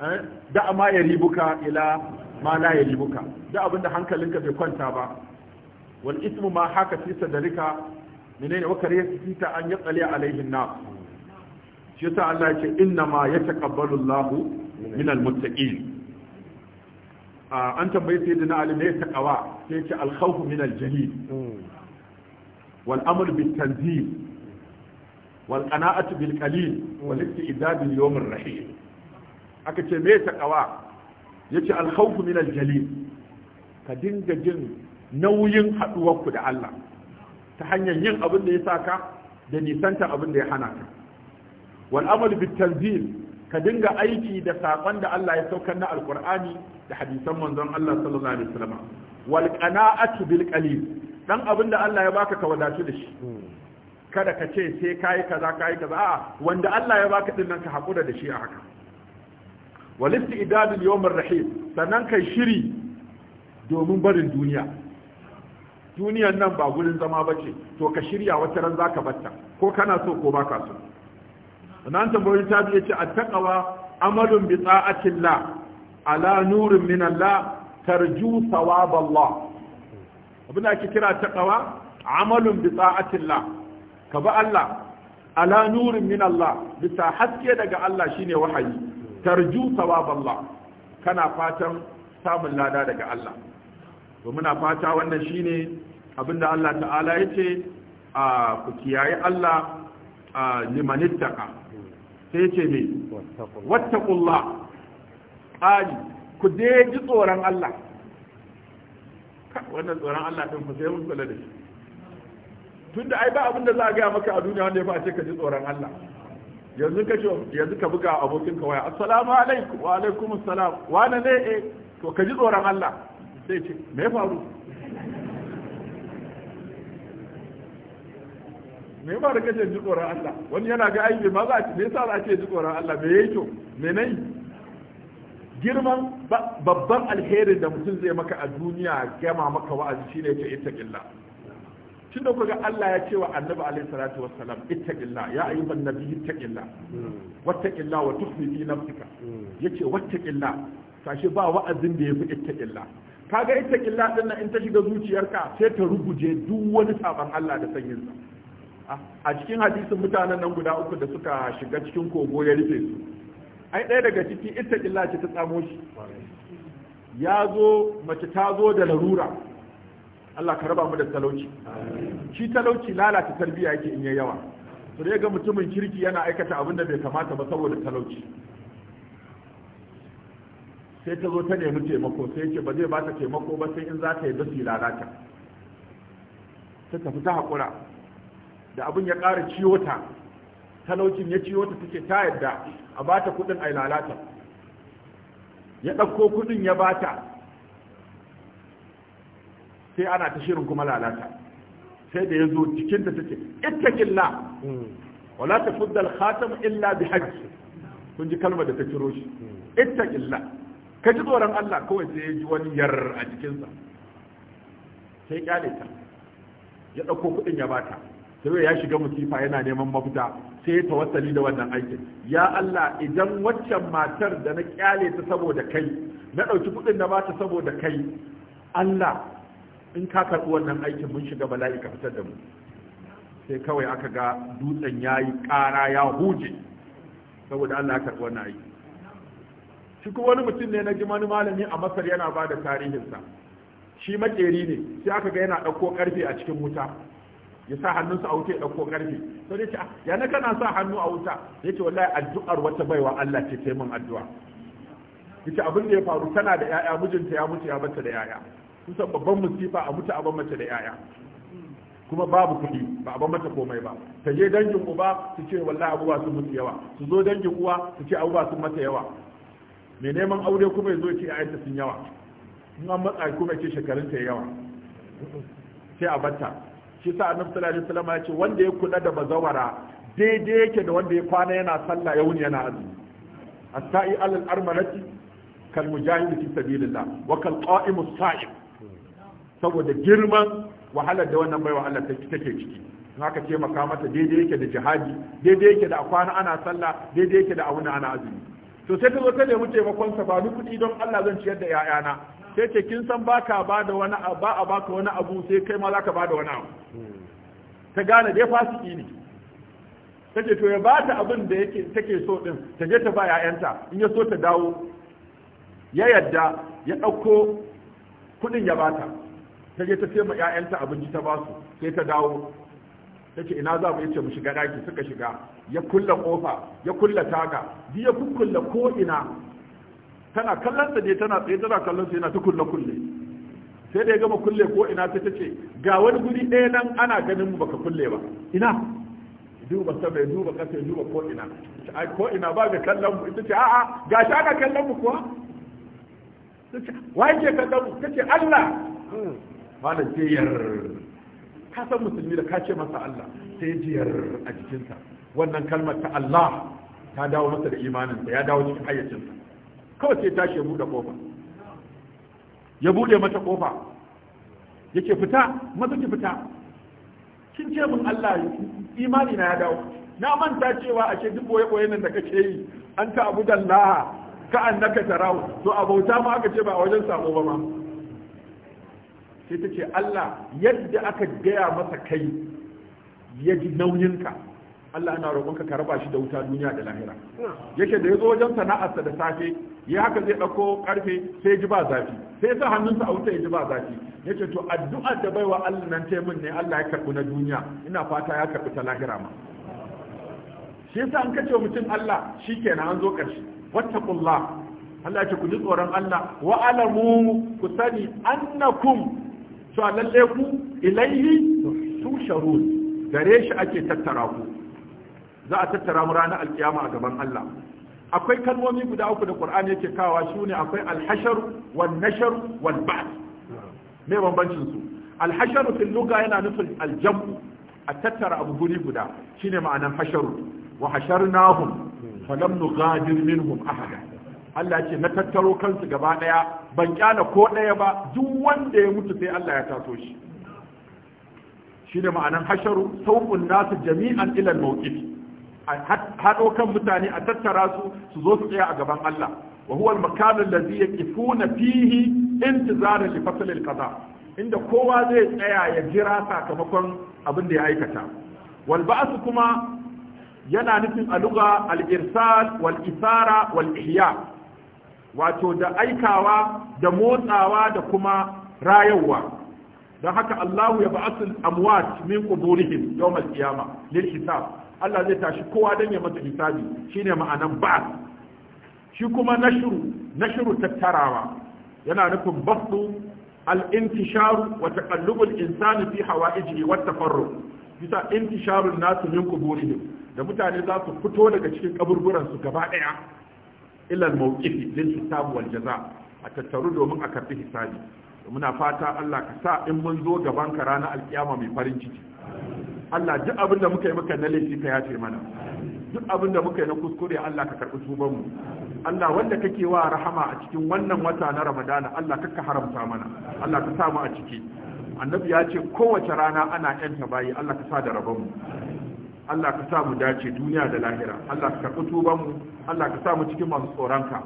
eh, da amma ya ribuka ila ma la ya ribuka da abinda hankalinka bai kwanta ba wal ismu ma haka fi sadarika menene wa kare ta an yatsali alaihin na. shi yasa Allah ya ce inna ma yataqabbalu Allahu min almuttaqin an tambayi sayyidina Ali ne takawa sai ya ce alkhawfu min aljahil wal amru bit tanzil wal qana'atu bil qalil wal isti'dad lil yawm ar-rahim aka ce me takawa yace alkhawfu min aljalil ka dinga jin nauyin haɗuwarku da Allah ta hanyar yin abin da ya sa ka da nisanta abin da ya hana ka wal amal bit tanzil ka dinga aiki da saƙon da Allah ya saukar na alqur'ani da hadisan manzon Allah sallallahu alaihi wasallam wal qana'atu bil qalil dan abin da Allah ya baka ka wadatu da shi kada ka ce sai kai kaza kai kaza a wanda Allah ya baka din nan ka hakura da shi a haka wal istidad al yawm ar rahim sannan kai shiri domin barin duniya duniyan nan ba gurin zama ba ce to ka shirya wata ran za ka batta ko kana so ko ba ka so nan tambayoyin ta biya ce attaqawa amalun bi ta'atillah ala nurin min Allah tarju thawab Allah abin da ake kira Takawa amalun bi ta'atillah ka ba Allah ala nurin min Allah bisa haske daga Allah shine wahayi tarju thawab Allah kana fatan samun lada daga Allah to muna fata wannan shine abinda Allah ta'ala yace a ku kiyaye Allah a limanittaka sai yace me wattaqullah ali ku dai ji tsoron Allah wannan tsoron Allah din ku sai mun kula da shi tunda ai ba abinda za a ga maka a duniya wanda ya fa ce ka ji tsoron Allah yanzu ka yanzu ka buga abokin ka waya assalamu alaikum wa alaikum assalam wane ne eh to ka ji tsoron Allah sai ce mai faru mai ba da ji tsoron Allah wani yana ga ai ma za me yasa za ce ji tsoron Allah me yi kyau mai nai girman babban alherin da mutum zai maka a duniya gama maka wa'azi shine ce illa tun da kuka Allah ya ce wa annabi alaihi salatu wassalam ittaqillah ya ayyuhan nabi ittaqillah wattaqillah wa tuhfi fi nafsika hmm. yace wattaqillah sashi ba wa'azin da yafi ittaqillah Ka ga ita killa din nan in ta shiga zuciyarka sai ta ruguje duk wani sabon Allah da sanyin sa ah, a cikin hadisin mutanen nan guda uku da suka shiga cikin kogo ya rufe su ai ɗaya daga ciki ita killa ce ta tsamo shi ya zo mace ta zo da larura Allah ka raba mu da talauci shi talauci lalata tarbiyya yake in yawa to ga mutumin kirki yana aikata abin da bai kamata ba saboda talauci sai ta zo ta nemi taimako sai ce ba zai ba ta taimako ba sai in za ta yi da lalata ta tafi ta haƙura da abin ya ƙara ciwo ta talaucin ya ciwo ta take ta yadda a ba ta kuɗin a lalata ya ɗauko kuɗin ya ba ta sai ana ta shirin kuma lalata sai da ya zo cikin da ita ittaqilla wala ta tafuddal khatam illa bi hajji, kun ji kalmar da ta kiro shi Ita hmm. ittaqilla ka ji tsoron Allah kawai sai ya ji wani yar a jikinsa sai kyale ta ya ɗauko kuɗin ya bata sai ya shiga musifa yana neman mafita sai ya tawassali da wannan aikin ya Allah idan waccan matar da na kyale ta saboda kai na ɗauki kuɗin na bata saboda kai Allah in ka karɓi wannan aikin mun shiga bala'i ka fitar da mu sai kawai aka ga dutsen ya yi ƙara ya huje saboda Allah ya karɓi wannan aikin. shi kuma wani mutum ne na ji wani malami a masar yana ba da tarihinsa shi makeri ne sai aka ga yana ɗauko ƙarfe a cikin wuta ya sa hannunsa a wuta ya ɗauko ƙarfe sai ya ce ah, ya na kana sa hannu a wuta ya ce wallahi addu'ar wata baiwa Allah ce ta addu'a ya ce abin da ya faru tana da 'ya'ya mijinta ya mutu ya bata da 'ya'ya kusan babban musifa a mutu a ban mace da 'ya'ya kuma babu kuɗi ba a mata komai ba ta je dangin uba su ce wallahi abubuwa sun mutu yawa su zo dangin uwa su ce abubuwa sun mata yawa mai neman aure kuma ya zo ce ayyanta sun yawa in an matsa kuma ce shekarun ta yawa sai a batta shi sa annabi sallallahu alaihi wasallam ya ce wanda ya kula da bazawara daidai yake da wanda ya kwana yana sallah ya wuni yana azumi as-sa'i alal armalati kal mujahid fi sabilillah wa kal qa'im as-sa'im saboda girman wahalar da wannan baiwa Allah take ciki in haka ce maka mata daidai yake da jihadi daidai yake da kwana ana sallah daidai yake da wuni ana azumi to sai ta zo ta nemi taimakon sa ba ni kuɗi don Allah zan ciyar da 'ya'yana sai ce kin san baka ba da wani ba a baka wani abu sai kai ma zaka ba da wani abu ta gane dai fasiki ne ta ce to ya ba ta abin da yake take so din ta je ta ba ƴaƴanta in ya so ta dawo ya yadda ya ɗauko kuɗin ya bata ta je ta sai ma ƴaƴanta abinci ta ba su sai ta dawo ta ce ina za mu yace mu shiga daki suka shiga ya kulla kofa ya kulla taga bi ya kulla ko ina tana kallon dai ne tana tsaye tana kallon sa yana ta kulle kulle sai da ya gama kulle ko ina ta tace ga wani guri ɗaya nan ana ganin mu baka kulle ba ina duba sama duba kasa duba ko ina ai ko ina ba ga kallon mu ita ce a'a shi ana kallon mu kuwa tace wai wa yake kallon mu ta ce Allah hmm. malam ce yar ka san musulmi da ka ce masa Allah sai jiyar a jikinsa wannan kalmar ta Allah ta dawo masa da imaninsa ya dawo cikin hayyacinsa kawai sai tashi ya buɗe kofa ya buɗe mata kofa yake fita masu ki fita kin ce min Allah imani na ya dawo na manta cewa ashe duk boye boye nan da kake yi an ta abu dallaha ka annaka tarahu to abauta ma aka ce ba a wajen sako ba ma sai ta ce Allah yadda aka gaya masa kai ya ji nauyinka Allah ana roƙonka ka raba shi da wuta duniya da lahira yake da ya zo wajen sana'arsa da safe ya haka zai ɗauko ƙarfe sai ji ba zafi sai sa hannunsa a wuta ya ji ba zafi ya ce to addu'ar da baiwa Allah nan ta min ne Allah ya karɓi na duniya ina fata ya karɓi ta lahira ma shi yasa an kace mutum Allah shi kenan an zo ƙarshe wattaqullah Allah ya ce ku ji tsoron Allah wa alamu ku sani annakum su lalle ku ilaihi tusharun gare shi ake tattara ku za a tattara mu ranar alkiyama a gaban Allah akwai kalmomi guda uku da Qur'ani yake kawa ne akwai al-hashar wan nashar wal ba'd me bambancin su al-hashar lugha yana nufin aljamu a tattara abu guri guda shine ma'anar hasharu wa hasharnahum falam nughadir minhum ahada Allah ce na tattaro kansu gaba daya ban kyala ko ɗaya ba duk wanda ya mutu sai Allah ya taso shi shi da ma'anan hasharu sauƙun nasu jami'an ilan mawqif a haɗo kan mutane a tattara su su zo su tsaya a gaban Allah wa huwa al-makan allazi yaqifuna fihi intizara li fasl al-qada inda kowa zai tsaya ya jira sakamakon abin da ya aikata wal ba'su kuma yana nufin aluga al-irsal wal isara wal ihya wato da aikawa da motsawa da kuma rayarwa don haka Allah ya ba'asu amwat min quburihim yawm al-qiyama lil hisab Allah zai tashi kowa dan ya mata hisabi shine ma'anan ba shi kuma nashru nashru tattarawa yana nufin basu al-intishar wa taqallubu al-insani fi hawa'ijihi wa tafarruq bisa intisharun nasu min quburihim da mutane za su fito daga cikin kaburburan su gaba daya ila mawqifi lil hisab wal jaza a tattaru domin a karbi hisabi muna fata Allah ka sa in mun zo gaban ka ranar alkiyama mai farin ciki Allah duk abin da muka yi maka na laifi ka yace mana duk abin da muka yi na kuskure Allah ka karbi tuban mu Allah wanda kake wa rahama a cikin wannan wata na Ramadana Allah ka haramta mana Allah ka sa mu a ciki annabi ya ce kowace rana ana yanta bayi Allah ka sa da rabon mu Allah ka sa mu dace duniya da lahira Allah ka ba mu. Allah ka sa mu cikin masu tsoronka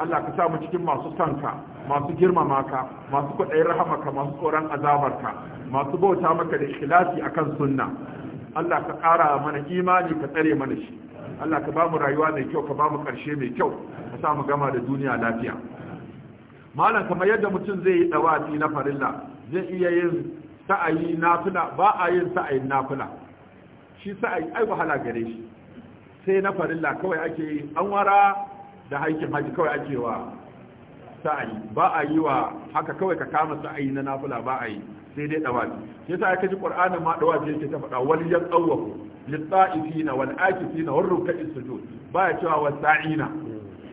Allah ka sa mu cikin masu sanka masu girmama ka masu kwaɗayin rahamaka masu tsoron azabarka masu bauta maka da ikhlasi akan sunna Allah ka ƙara mana imani ka tsare mana shi Allah ka ba mu rayuwa mai kyau ka ba mu ƙarshe mai kyau ka sa mu gama da duniya lafiya malam kamar yadda mutum zai yi dawati na farilla zai iya yin sa'ayi nafila ba a yin sa'ayin nafila shi yi ai wahala gare shi sai na farilla kawai ake yi an wara da haikin haji kawai ake wa yi ba a yi wa haka kawai ka kama yi na nafula ba a yi sai dai dawafi shi sa ya kaji ƙwar'anin ma dawafi yake ta faɗa wal yaqawu lit-ta'ifina wal akifina wal ruk'i sujud ba ya cewa was sa'ina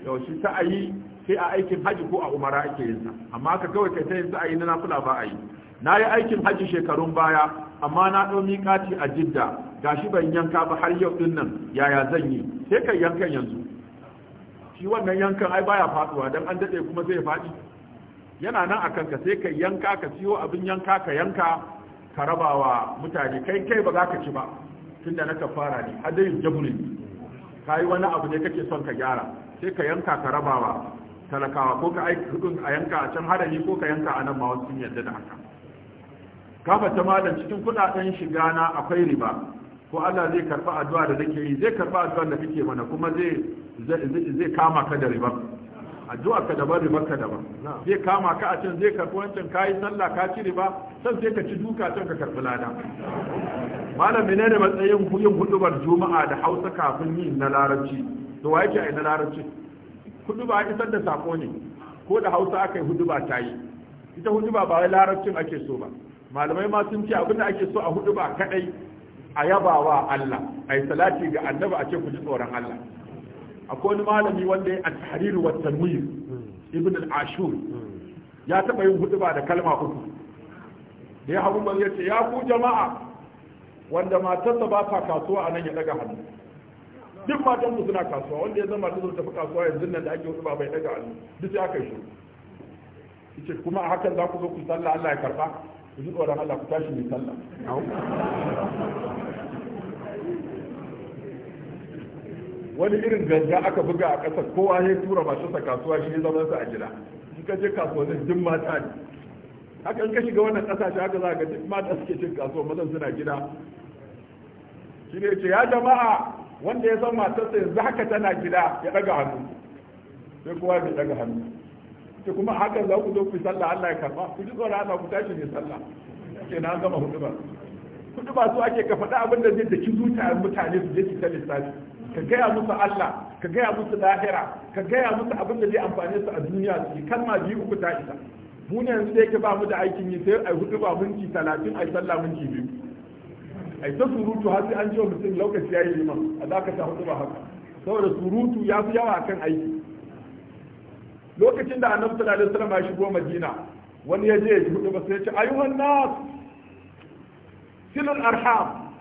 yau shi yi sai a aikin haji ko a umara ake yin sa amma haka kawai kai ta yin yi na nafula ba a yi na yi aikin haji shekarun baya amma na ɗau miƙati a jidda gashi ban yanka ba har yau din nan yaya zan yi sai kai yankan yanzu shi wannan yankan ai baya faduwa dan an dade kuma zai fadi yana nan a kanka sai kai yanka ka siyo abin yanka ka yanka ka rabawa mutane kai kai ba za ka ci ba tunda na kafara ne hadayin Ka kai wani abu ne kake son ka gyara sai ka yanka ka rabawa talakawa ko ka aiki hudun a yanka a can harami ko ka yanka a nan ma wasu sun da haka kafa ta malam cikin kudaden shiga na akwai riba ko Allah zai karba addu'a da nake yi zai karba addu'a da kake mana kuma zai zai kama ka da riba addu'a ka daban riba ka daban zai kama ka a can zai karɓi wancan kayi sallah ka ci riba san sai ka ci duka can ka karbi lada malam menene matsayin yin hudubar juma'a da Hausa kafin yin na larabci to wa yake ai na larabci huduba isar da sako ne ko da Hausa aka yi huduba ta yi ita huduba ba wai larabcin ake so ba malamai ma sun ce abin da ake so a huduba kadai a yabawa Allah ai salati ga annabi a ce ku ji tsoron Allah akwai wani malami wanda ya tahriru wa tanwir ibn al-ashur ya taba yin hutuba da kalma uku da ya hagu ban yace ya ku jama'a wanda da ba ta kasuwa a nan ya daga hannu duk matan mu suna kasuwa wanda ya zama duk tafi kasuwa yanzu nan da ake ba bai daga hannu duk sai aka yi shi kuma a hakan za ku zo ku sallah Allah ya karba ku tsoron Allah ku tashi mai sallah wani irin ganga aka buga a ƙasar kowa ya tura masu sa kasuwa shi zama sa a jira shi ka je kasuwannin duk mata ne haka in ka shiga wannan ƙasashe haka za ga duk mata suke cin kasuwa mazan suna gida shi ne ce ya jama'a wanda ya san matarsa yanzu haka tana gida ya ɗaga hannu sai kowa ya ɗaga hannu ce kuma hakan za ku zo ku sallah Allah ya karba ku ji tsoron Allah ku tashi ne sallah ke na gama huduba huduba su ake ka faɗa abin da zai daki zuciya mutane su je su ta lissafi ka gaya musu Allah ka gaya musu lahira ka gaya musu abin da zai amfane su a duniya su kalma biyu uku ta isa mu ne yanzu da yake ba mu da aikin yi sai ai huduba minti talatin ai sallah minti biyu ai ta surutu har sai an ce mutum lokaci ya yi liman a za ka ta huduba haka saboda surutu ya fi yawa kan aiki lokacin da annabi sallallahu alaihi wasallam ya shigo madina wani ya je ya hudu ba sai ya ce ayyuhan nas silul arham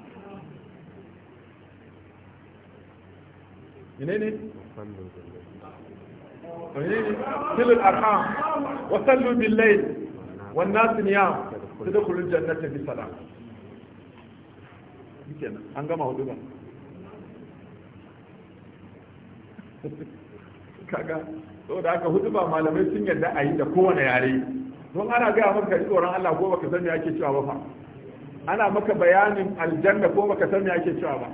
ne ne silul arham wa sallu bil layl wan nas niyam tadkhulul jannata bi salam kenan an gama hudu ba kaga saboda aka hudu ba malamai sun yarda a yi da kowane yare don ana gaya maka ji tsoron Allah ko baka san me ake cewa ba fa ana maka bayanin aljanna ko baka san me ake cewa ba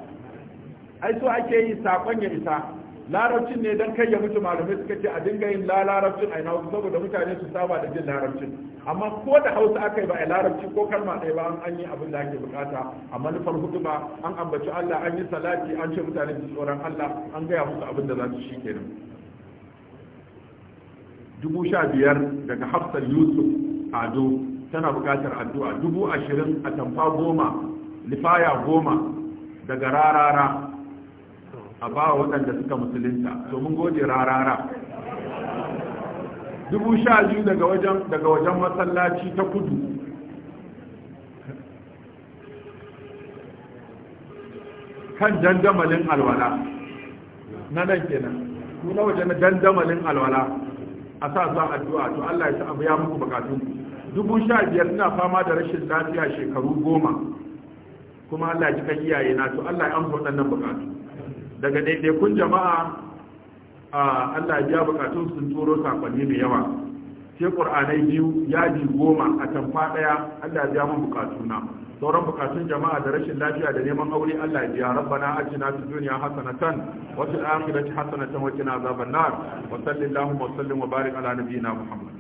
ai so ake yi sakon ya isa larabcin ne dan kai ya mutu malamai suka ce a dinga yin larabcin ai nawo saboda mutane su saba da jin larabcin amma ko da Hausa aka yi ba a larabci ko kalma ɗaya ba an yi abin da ake bukata a manufar huduma an ambaci Allah an yi salati an ce mutane su tsoron Allah an gaya musu abin da za su shi kenan dubu sha biyar daga hafsar yusuf ado tana buƙatar addu'a dubu ashirin a tamfa goma lifaya goma daga rarara a ba waɗanda suka musulunta to mun gode rarara dubu sha biyu daga wajen masallaci ta kudu kan dandamalin alwala na nan kenan kuna wajen dandamalin alwala a sa sa addu'a to Allah ya sa abu ya muku bukatun dubu sha biyar ina fama da rashin lafiya shekaru goma kuma Allah ya cika kan iyaye na to Allah ya amsa waɗannan bukatu daga daidaikun jama'a Allah ya biya bukatun sun turo sakonni da yawa sai qur'anai biyu yadi goma a tamfa daya Allah ya biya mun na. sauran bukatun jama'a da rashin lafiya da neman aure Allah ya biya rabbana ajina na dunya hasanatan wa fil akhirati hasanatan wa qina azaban nar wa sallallahu wa sallim wa barik ala nabiyyina muhammad